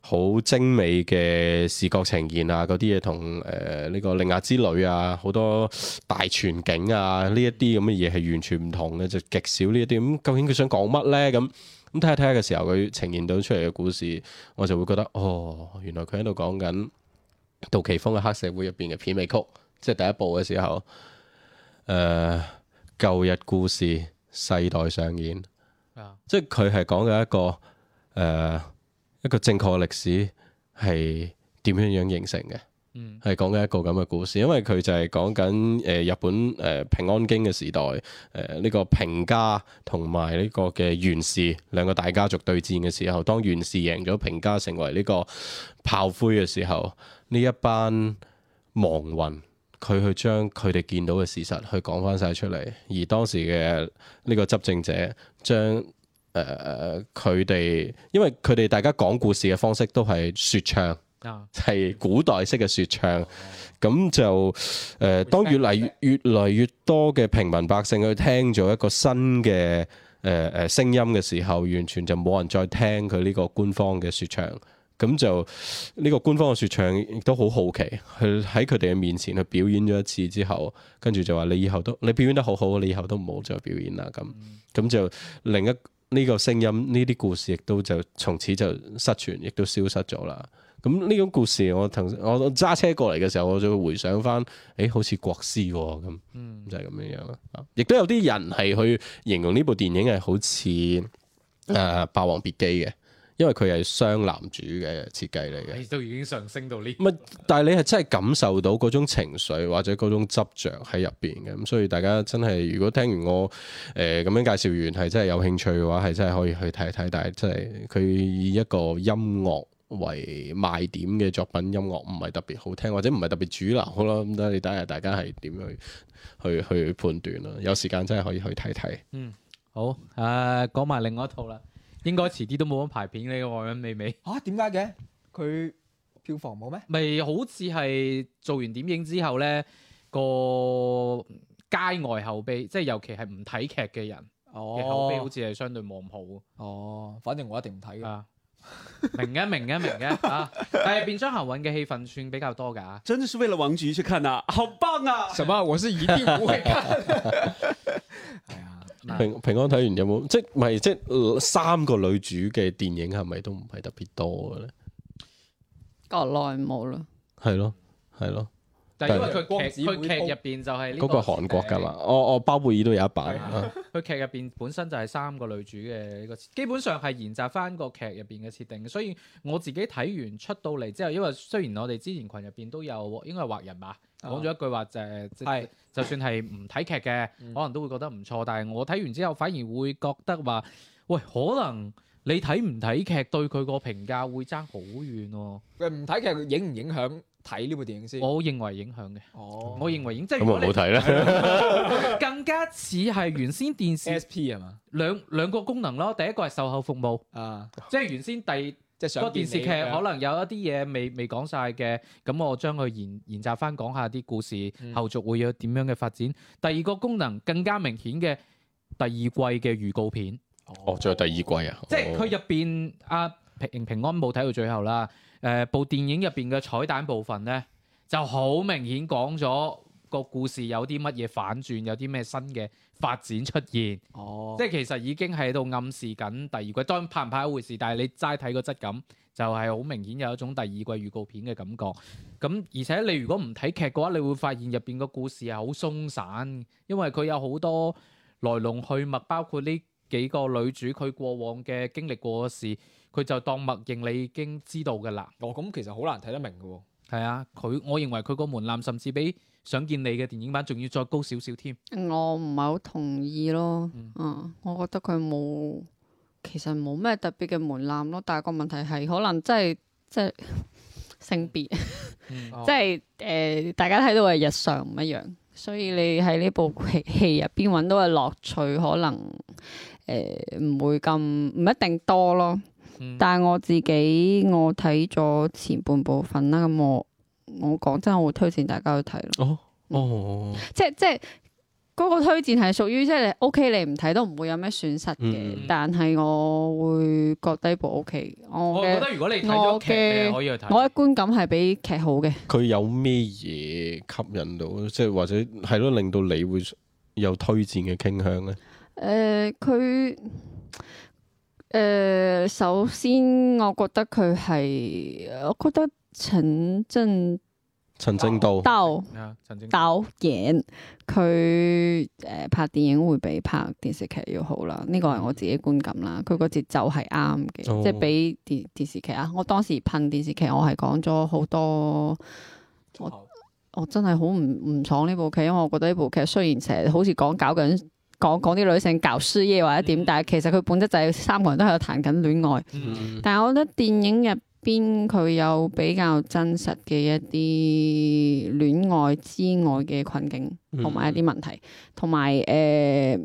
好精美嘅視覺呈現啊，嗰啲嘢同誒呢個《鈴芽之旅》啊，好多大全景啊，呢一啲咁嘅嘢係完全唔同嘅，就極少呢一啲。咁究竟佢想講乜咧？咁？咁睇下睇下嘅時候，佢呈現到出嚟嘅故事，我就會覺得，哦，原來佢喺度講緊杜琪峰嘅黑社會入邊嘅片尾曲，即係第一部嘅時候，誒、呃，舊日故事世代上演，Yeah. 即係佢係講嘅一個誒、呃、一個正確嘅歷史係點樣樣形成嘅。係講緊一個咁嘅故事，因為佢就係講緊誒日本誒平安京嘅時代，誒呢個平家同埋呢個嘅源氏兩個大家族對戰嘅時候，當源氏贏咗平家成為呢個炮灰嘅時候，呢一班亡魂佢去將佢哋見到嘅事實去講翻晒出嚟，而當時嘅呢個執政者將誒佢哋，因為佢哋大家講故事嘅方式都係說唱。係古代式嘅說唱，咁就誒、呃，當越嚟越越嚟越多嘅平民百姓去聽咗一個新嘅誒誒聲音嘅時候，完全就冇人再聽佢呢個官方嘅說唱，咁就呢、這個官方嘅說唱亦都好好奇，去喺佢哋嘅面前去表演咗一次之後，跟住就話你以後都你表演得好好，你以後都唔好再表演啦。咁咁就另一呢個聲、這個、音呢啲故事亦都就從此就失傳，亦都消失咗啦。咁呢種故事，我騰我揸車過嚟嘅時候，我就會回想翻，誒、哎，好似國師咁、哦，就係咁樣樣。啊、嗯，亦都有啲人係去形容呢部電影係好似誒、呃《霸王別姬》嘅，因為佢係雙男主嘅設計嚟嘅，都已經上升到呢。唔但係你係真係感受到嗰種情緒或者嗰種執着喺入邊嘅，咁所以大家真係如果聽完我誒咁、呃、樣介紹完，係真係有興趣嘅話，係真係可以去睇睇。但係真係佢以一個音樂為賣點嘅作品，音樂唔係特別好聽，或者唔係特別主流，好啦，咁你睇下大家係點去去去判斷啦。有時間真係可以去睇睇。嗯，好。誒、啊，講埋另外一套啦。應該遲啲都冇咁排片呢個《外人美美》。吓，點解嘅？佢票房冇咩？咪好似係做完點映之後咧，個街外口碑，即係尤其係唔睇劇嘅人嘅口碑，哦、口碑好似係相對冇咁好。哦，反正我一定唔睇嘅。啊 *laughs* 明嘅，明嘅，明嘅。啊！但係變裝行文嘅戲份算比較多噶、啊、真的是為了王菊去看啊，好棒啊！什麼？我是一定不會看。係啊，平平安睇完有冇？即係唔係？即係、呃、三個女主嘅電影係咪都唔係特別多嘅咧？國內冇啦，係咯，係咯。因為佢劇，佢劇入邊就係呢個，個韓國噶嘛，我哦，我包貝爾都有一版。佢的 *laughs* 劇入邊本身就係三個女主嘅一個，基本上係延續翻個劇入邊嘅設定，所以我自己睇完出到嚟之後，因為雖然我哋之前群入邊都有，應該係畫人嘛，講咗、哦、一句話就係，就，是、是就算係唔睇劇嘅，嗯、可能都會覺得唔錯。但係我睇完之後，反而會覺得話，喂，可能你睇唔睇劇對佢個評價會爭好遠喎、啊。唔睇劇影唔影響？睇呢部電影先，我認為影響嘅。哦，我認為影即係咁啊，唔好睇啦。更加似係原先電視 SP 係嘛？兩兩個功能咯，第一個係售後服務，啊，即係原先第個電視劇可能有一啲嘢未未講晒嘅，咁我將佢延延續翻講下啲故事後續會有點樣嘅發展。第二個功能更加明顯嘅第二季嘅預告片。哦，仲有第二季啊！即係佢入邊阿平平安冇睇到最後啦。誒部、呃、電影入邊嘅彩蛋部分咧，就好明顯講咗個故事有啲乜嘢反轉，有啲咩新嘅發展出現。哦，即係其實已經喺度暗示緊第二季，當然拍唔拍一回事。但係你齋睇個質感，就係、係、好明顯有一種第二季預告片嘅感覺。咁而且你如果唔睇劇嘅話，你會發現入邊個故事係好鬆散，因為佢有好多來龍去脈，包括呢幾個女主佢過往嘅經歷過嘅事。佢就當默認你已經知道㗎啦。哦，咁其實好難睇得明嘅喎。係啊，佢，我認為佢個門檻甚至比想見你嘅電影版仲要再高少少添。我唔係好同意咯。嗯，嗯。我覺得佢冇其實冇咩特別嘅門檻咯。但係個問題係可能真係即係性別，即係誒大家睇到係日常唔一樣，所以你喺呢部戲入邊揾到嘅樂趣可能誒唔、呃、會咁唔一定多咯。但係我自己，我睇咗前半部分啦，咁我我講真，我會推薦大家去睇咯。哦哦，嗯、哦即係即係嗰、嗰個推薦係屬於即係 O K，你唔、OK、睇都唔會有咩損失嘅。嗯、但係我會覺得一部 O、OK、K，我，我覺得如果你睇咗劇，可以去睇。我嘅觀感係比劇好嘅。佢有咩嘢吸引到？即係或者係咯，令到你會有推薦嘅傾向咧？誒、呃，佢。誒、呃，首先我覺得佢係，我覺得陳正陳正道，啊道，陳道正道演佢誒，拍電影會比拍電視劇要好啦。呢個係我自己觀感啦。佢、嗯、個節奏係啱嘅，oh. 即係比電電視劇啊。我當時噴電視劇，我係講咗好多，我好我真係好唔唔爽呢部劇，因為我覺得呢部劇雖然成日好似講搞緊。講講啲女性搞輸嘢或者點，但係其實佢本質就係、是、三個人都喺度談緊戀愛。嗯、但係我覺得電影入邊佢有比較真實嘅一啲戀愛之外嘅困境同埋一啲問題，同埋誒誒，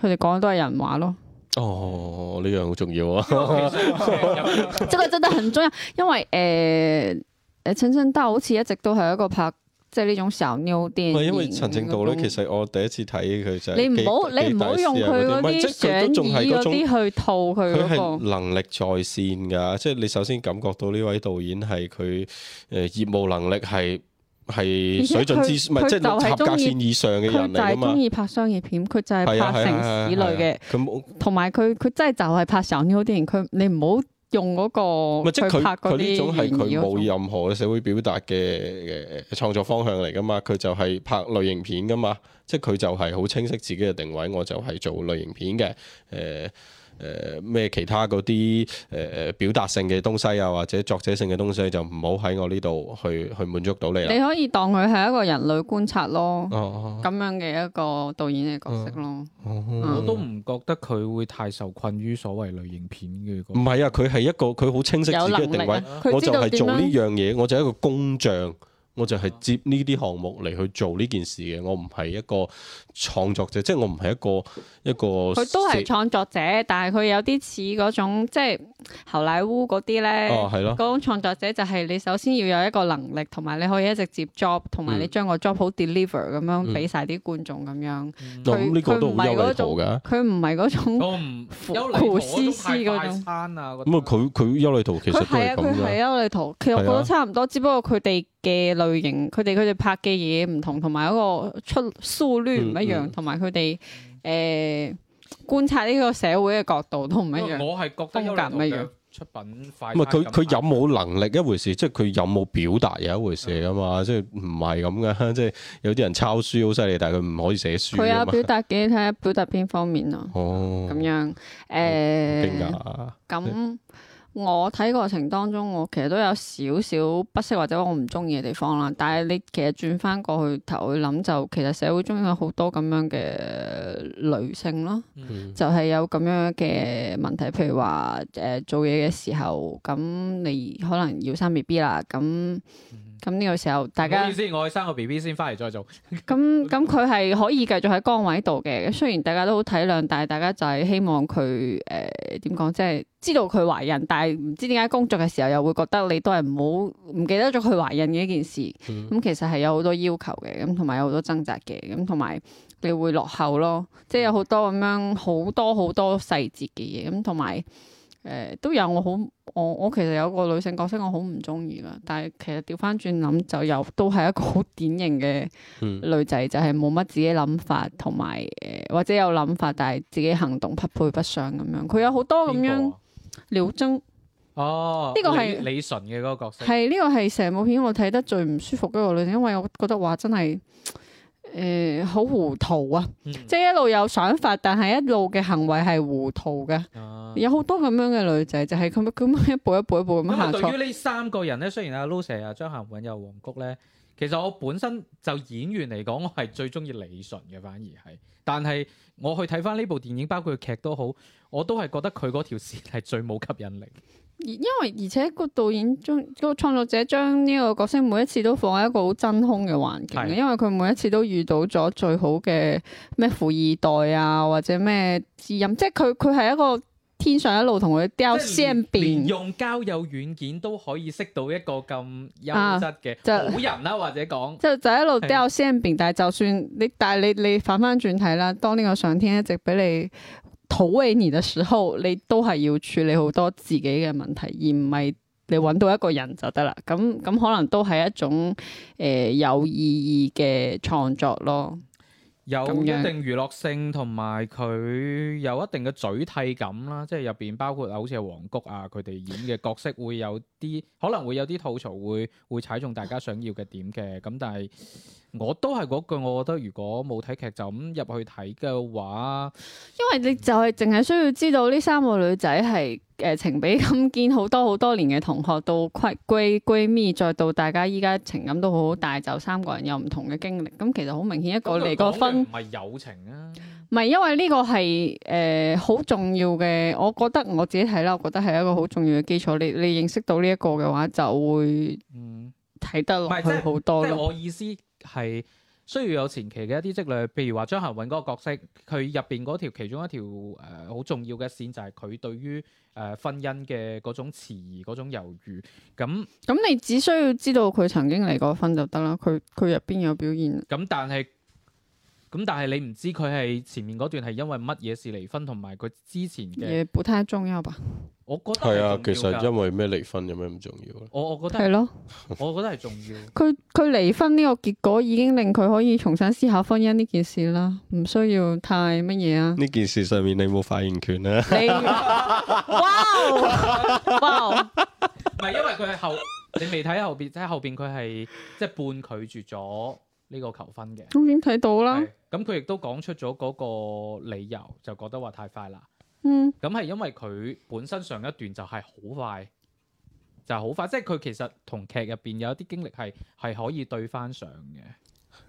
佢哋講都係人話咯。哦，呢樣好重要啊！真 *laughs* *laughs* 這個真的很重要，因為誒誒，陳正道好似一直都係一個拍。即係呢種小妞電影，唔係因為陳正道咧，其實我第一次睇佢就幾，你唔好用佢都仲係嗰啲去套佢。佢係能力在線㗎，即係你首先感覺到呢位導演係佢誒業務能力係係水準之，唔係即係合格線以上嘅人就係中意拍商業片，佢就係拍城市類嘅，同埋佢佢真係就係拍小妞電影。佢你唔好。用嗰個即，即係佢佢呢種係佢冇任何嘅社會表達嘅創作方向嚟㗎嘛，佢就係拍類型片㗎嘛，即係佢就係好清晰自己嘅定位，我就係做類型片嘅，誒、呃。誒咩、呃、其他嗰啲誒誒表達性嘅東西啊，或者作者性嘅東西，就唔好喺我呢度去去滿足到你啦。你可以當佢係一個人類觀察咯，咁、啊啊、樣嘅一個導演嘅角色咯。嗯、我都唔覺得佢會太受困於所謂類型片嘅。唔係啊，佢係一個佢好清晰自己嘅定位，啊、我就係做呢樣嘢，我就係一個工匠。我就係接呢啲項目嚟去做呢件事嘅，我唔係一個創作者，即係我唔係一個一個。佢都係創作者，但係佢有啲似嗰種即係荷里活嗰啲咧。哦，係咯。嗰種創作者就係你首先要有一個能力，同埋你可以一直接 job，同埋你將個 job 好 deliver 咁樣俾晒啲觀眾咁樣。佢佢唔係嗰種。佢唔係嗰種。我唔。優酷 C C 啊。咁佢佢優利圖其實都係咁啊，佢係優利圖。其實我覺得差唔多，只不過佢哋。嘅類型，佢哋佢哋拍嘅嘢唔同，同埋嗰個出書率唔一樣，同埋佢哋誒觀察呢個社會嘅角度都唔一樣。我係覺得格唔一樣。出品快唔係佢佢有冇能力一回事，即係佢有冇表達又一回事啊、嗯、嘛，即係唔係咁噶，即係有啲人抄書好犀利，但係佢唔可以寫書。佢有，表達嘅睇下表達邊方面咯。哦、嗯，咁樣誒，咁。我睇過程當中，我其實都有少少不適或者我唔中意嘅地方啦。但係你其實轉翻過去頭去諗，就其實社會中有好多咁樣嘅女性咯，嗯、就係有咁樣嘅問題。譬如話誒、呃、做嘢嘅時候，咁你可能要生 BB 啦，咁。嗯咁呢個時候，大家先，我去生個 BB 先，翻嚟再做。咁咁佢係可以繼續喺崗位度嘅，雖然大家都好體諒，但係大家就係希望佢誒點講，即、呃、係、就是、知道佢懷孕，但係唔知點解工作嘅時候又會覺得你都係唔好，唔記得咗佢懷孕嘅一件事。咁、嗯、其實係有好多要求嘅，咁同埋有好多掙扎嘅，咁同埋你會落後咯，即、就、係、是、有好多咁樣好多好多細節嘅嘢，咁同埋。誒、呃、都有我好，我我其實有個女性角色我好唔鍾意噶，但係其實調返轉諗就又都係一個好典型嘅女仔，嗯、就係冇乜自己諗法同埋誒，或者有諗法，但係自己行動匹配不上咁樣。佢有好多咁樣廖中、啊。哦，呢個係李，李純嘅嗰個角色，係呢、呢個係成部片我睇得最唔舒服嗰個女性，因為我覺得話真係。誒好 *music* 糊塗啊！即係一路有想法，但係一路嘅行為係糊塗嘅。啊、有好多咁樣嘅女仔，就係、是、咁樣咁一步一步一步咁行錯。咁對於呢三個人咧，雖然阿 Lucy 啊、er,、張含韻又黃菊咧，其實我本身就演員嚟講，我係最中意李純嘅，反而係。但係我去睇翻呢部電影，包括劇都好，我都係覺得佢嗰條線係最冇吸引力。因為而且個導演將個創作者將呢個角色每一次都放喺一個好真空嘅環境，的因為佢每一次都遇到咗最好嘅咩富二代啊，或者咩知音，即係佢佢係一個天上一路同佢掉聲變，連用交友軟件都可以識到一個咁優質嘅好人啦、啊，啊、或者講就就一路掉聲變，的但係就算你，但係你你反翻轉睇啦，當呢個上天一直俾你。討你嘅時候，你都係要處理好多自己嘅問題，而唔係你揾到一個人就得啦。咁咁可能都係一種誒、呃、有意義嘅創作咯，有一定娛樂性同埋佢有一定嘅嘴替感啦。即係入邊包括好似黃谷啊，佢哋演嘅角色會有啲可能會有啲吐槽會，會會踩中大家想要嘅點嘅。咁但係。我都係嗰句，我覺得如果冇睇劇就咁入去睇嘅話，因為你就係淨係需要知道呢三個女仔係誒情比金堅好多好多年嘅同學，到閨閨閨蜜再到大家依家情感都好，好係就三個人有唔同嘅經歷，咁、嗯嗯、其實好明顯一個離過婚唔係友情啊，唔係、嗯、因為呢個係誒好重要嘅，我覺得我自己睇啦，我覺得係一個好重要嘅基礎，你你認識到呢一個嘅話，就會睇、嗯、得落去好多咯。係需要有前期嘅一啲積累，譬如話張恒韻嗰個角色，佢入邊嗰條其中一條誒好重要嘅線就係佢對於誒、呃、婚姻嘅嗰種遲疑、嗰種猶豫。咁、嗯、咁、嗯、你只需要知道佢曾經離過婚就得啦。佢佢入邊有表現。咁、嗯、但係。咁、嗯、但係你唔知佢係前面嗰段係因為乜嘢事離婚，同埋佢之前嘅嘢不太重要吧？我覺得係啊，其實因為咩離婚有咩咁重要咧？我我覺得係咯，我覺得係咯重要。佢佢離婚呢個結果已經令佢可以重新思考婚姻呢件事啦，唔需要太乜嘢啊？呢件事上面你冇發言權啊！你哇哇唔係因為佢係後，你未睇後邊，睇後邊佢係即係半拒絕咗。呢個求婚嘅，咁點睇到啦。咁佢亦都講出咗嗰個理由，就覺得話太快啦。嗯，咁係因為佢本身上一段就係好快，就係好快。即係佢其實同劇入邊有啲經歷係係可以對翻上嘅。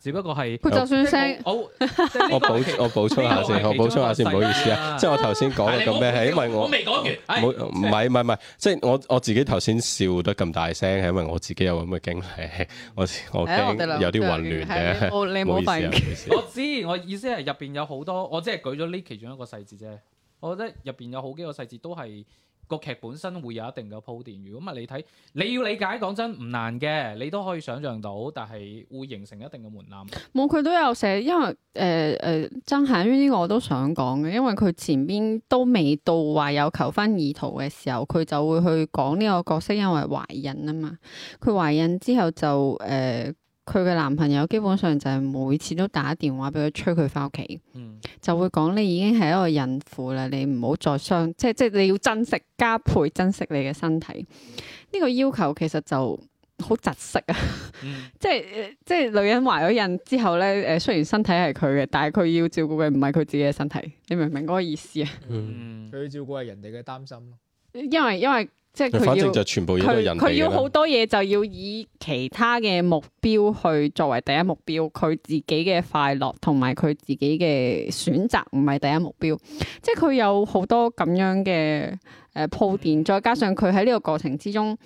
只不過係佢就算聲，我補我補充下先，我補充下先，唔好意思啊。即係我頭先講嘅咁咩係，因為我未講完。唔好唔係唔係唔係，即係我我自己頭先笑得咁大聲係因為我自己有咁嘅經歷。我我驚有啲混亂嘅，唔好意思。我知我意思係入邊有好多，我即係舉咗呢其中一個細節啫。我覺得入邊有好幾個細節都係。個劇本身會有一定嘅鋪墊，如果唔係你睇，你要理解講真唔難嘅，你都可以想像到，但係會形成一定嘅門檻。冇，佢都有寫，因為誒誒，曾杏娟呢個我都想講嘅，因為佢前面都未到話有求婚意圖嘅時候，佢就會去講呢個角色因為懷孕啊嘛，佢懷孕之後就誒。呃佢嘅男朋友基本上就係每次都打電話俾佢催佢翻屋企，嗯、就會講你已經係一個孕婦啦，你唔好再傷，即係即係你要珍惜加倍珍惜你嘅身體。呢、嗯、個要求其實就好窒息啊，即係即係女人懷咗孕之後咧，誒雖然身體係佢嘅，但係佢要照顧嘅唔係佢自己嘅身體，你明唔明嗰個意思啊？佢、嗯、要照顧係人哋嘅擔心咯。因為因為。即係佢要佢要好多嘢就要以其他嘅目標去作為第一目標，佢自己嘅快樂同埋佢自己嘅選擇唔係第一目標。即係佢有好多咁樣嘅誒、呃、鋪墊，再加上佢喺呢個過程之中，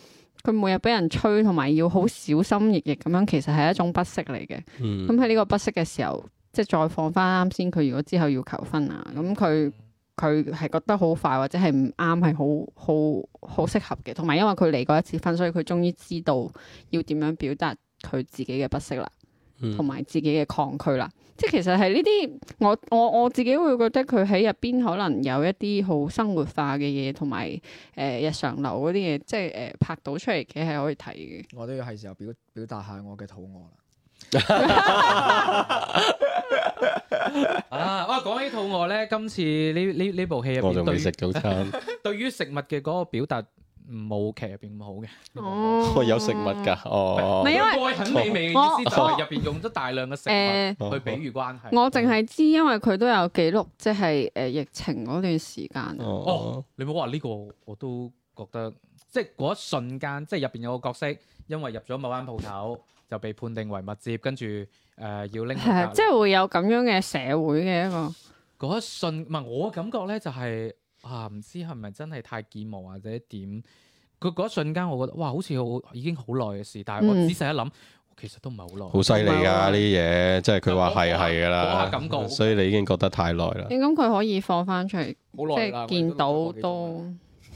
佢每日俾人吹，同埋要好小心翼翼咁樣，其實係一種不適嚟嘅。咁喺呢個不適嘅時候，即係再放翻啱先。佢如果之後要求婚啊，咁佢。佢係覺得好快，或者係唔啱，係好好好適合嘅。同埋因為佢離過一次婚，所以佢終於知道要點樣表達佢自己嘅不適啦，同埋、嗯、自己嘅抗拒啦。即係其實係呢啲我我我自己會覺得佢喺入邊可能有一啲好生活化嘅嘢，同埋誒日常流嗰啲嘢，即係誒、呃、拍到出嚟嘅係可以睇嘅。我都要係時候表表達下我嘅肚餓啦。啊！哇，講起肚餓咧，今次呢呢呢部戲入邊，我仲未食早餐。對於食物嘅嗰個表達，冇劇入邊咁好嘅。哦，有食物噶，哦，唔係因為愛很美味嘅意思，就係入邊用咗大量嘅食物去比喻關係。我淨係知，因為佢都有記錄，即係誒疫情嗰段時間。哦，你冇話呢個，我都覺得，即係嗰一瞬間，即係入邊有個角色，因為入咗某間鋪頭。就被判定為密接，跟住誒、呃、要拎。係即係會有咁樣嘅社會嘅一個。嗰一瞬，唔係我感覺咧、就是，就係啊，唔知係咪真係太健忘，或者點？佢嗰一瞬間，我覺得哇，好似好已經好耐嘅事，但係我仔細一諗，其實都唔係好耐。好犀利㗎！呢啲嘢即係佢話係係㗎啦，所以你已經覺得太耐啦。點解佢可以放翻出嚟？好耐即係見到都。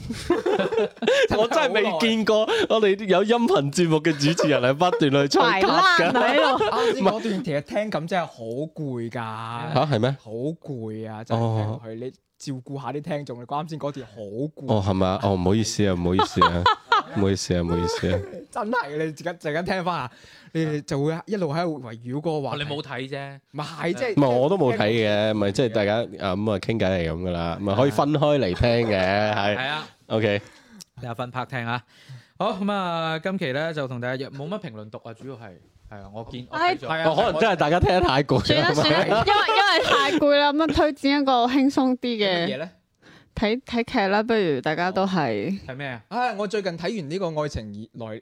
*laughs* *laughs* 真 *laughs* 我真係未見過，我哋有音頻節目嘅主持人係不斷去重複嘅。啱先嗰段其實聽感真係好攰噶。吓係咩？好攰啊！真係去你照顧下啲聽眾。你啱先嗰段好攰。哦。哦係咪？哦唔好意思啊，唔好意思啊。 *laughs* 唔好意思啊，唔好意思啊，真係你而家陣間聽翻啊，你哋就會一路喺度圍繞嗰個話。你冇睇啫，唔係即係。唔係我都冇睇嘅，唔係即係大家啊咁啊傾偈係咁噶啦，唔係可以分開嚟聽嘅，係。係啊，OK，你有份拍聽嚇。好咁啊，今期咧就同大家冇乜評論讀啊，主要係係啊，我見，唉，係啊，可能真係大家聽得太攰。算啦算啦，因為因為太攰啦，咁啊推薦一個輕鬆啲嘅。乜嘢咧？睇睇劇啦，不如大家都係。係咩啊？唉，我最近睇完呢個愛情而來，誒，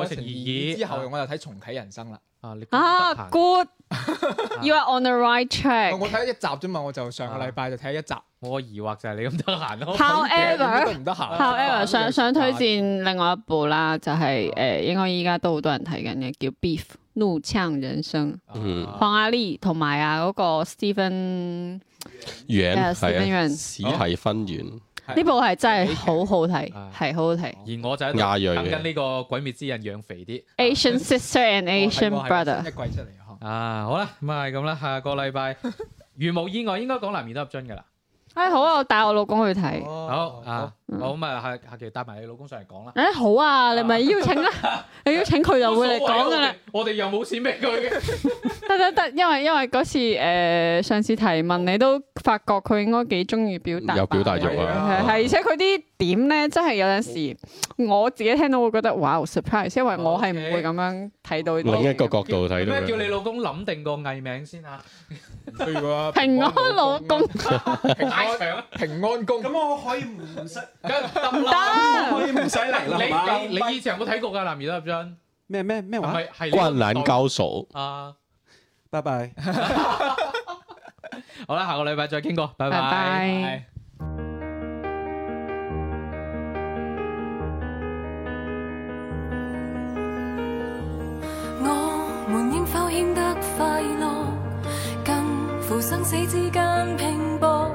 愛情而已之後，我又睇重啟人生啦。啊，你得閒？Good，you are on the right track。我睇咗一集啫嘛，我就上個禮拜就睇咗一集。我疑惑就係你咁得閒咯。However，唔得閒。However，想想推薦另外一部啦，就係誒，應該依家都好多人睇緊嘅叫《Beef 怒嗆人生》。嗯。黃阿麗同埋啊嗰個 Stephen。緣係、yes, 啊、分緣，呢、oh, 部係真係好、啊、好睇，係好好睇。而我就係亞裔，跟呢個鬼滅之刃養肥啲 Asian sister and Asian brother 一季出嚟啊，啊！好啦，咁係咁啦，下個禮拜如無意外應該講南面都入樽噶啦。哎好啊，我帶我老公去睇。好啊，好咁啊，下下期帶埋你老公上嚟講啦。哎好啊，你咪邀請啦，你邀請佢就會嚟講噶啦。我哋又冇錢俾佢嘅。得得得，因為因為嗰次誒，上次提問你都發覺佢應該幾中意表達，有表達咗啊，係係，而且佢啲。點咧？真係有陣時，我自己聽到會覺得哇！好 surprise，因為我係唔會咁樣睇到另一個角度睇到。咩叫你老公諗定個藝名先吓？平安老公，平安，平安公。咁我可以唔使，梗係唔得啦，唔使嚟啦。你你你以前有冇睇過噶《男兒當入樽》？咩咩咩話？係係。灌籃高手。啊，拜拜。好啦，下個禮拜再傾過，拜拜。欠得快樂，更赴生死之間拼搏，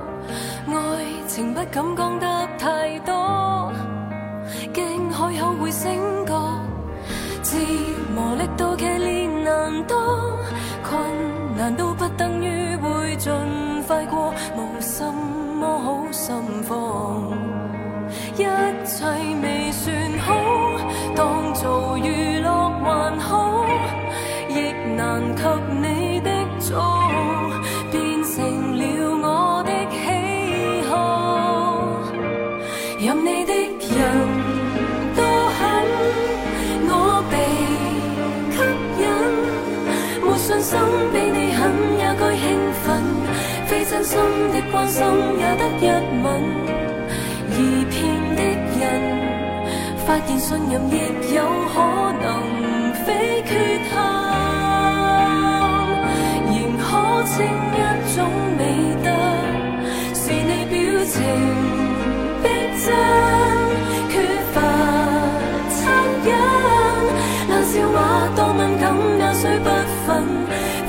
愛情不敢講得太多。驚開口會醒覺，自磨力到騎獵難當，困難都不等於會盡快過，無什麼好心放，一切未算好，當做娛樂還好。亦難及你的錯，變成了我的喜好。任你的人多狠，我被吸引。沒信心比你狠也該興奮，非真心的關心也得一吻。而騙的人，發現信任亦有可能非缺陷。清一種美德，是你表情逼真，缺乏惻隱。冷笑話多敏感也雖不忿，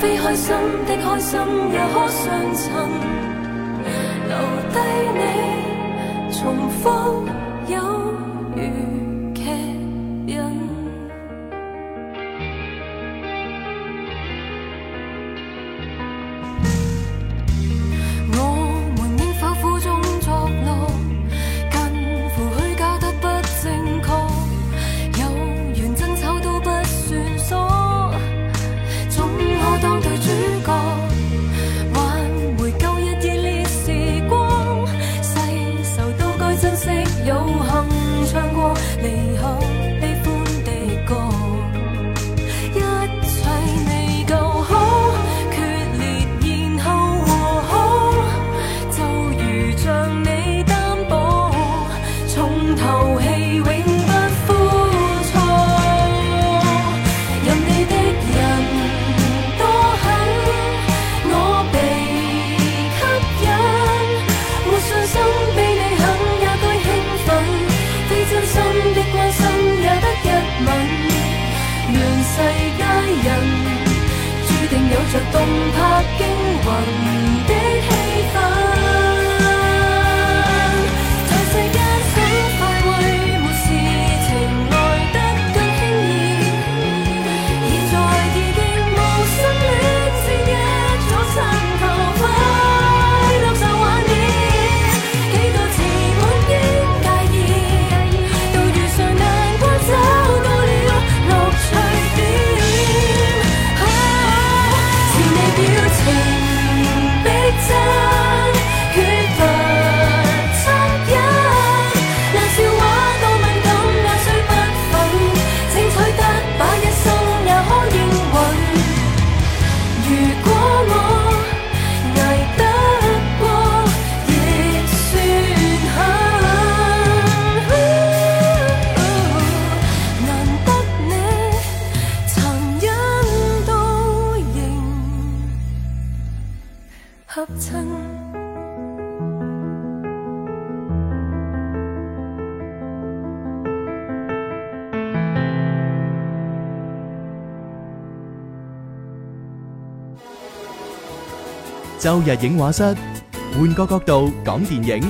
非開心的開心也可相襯，留低你重複有。周日影畫室，換個角度講電影。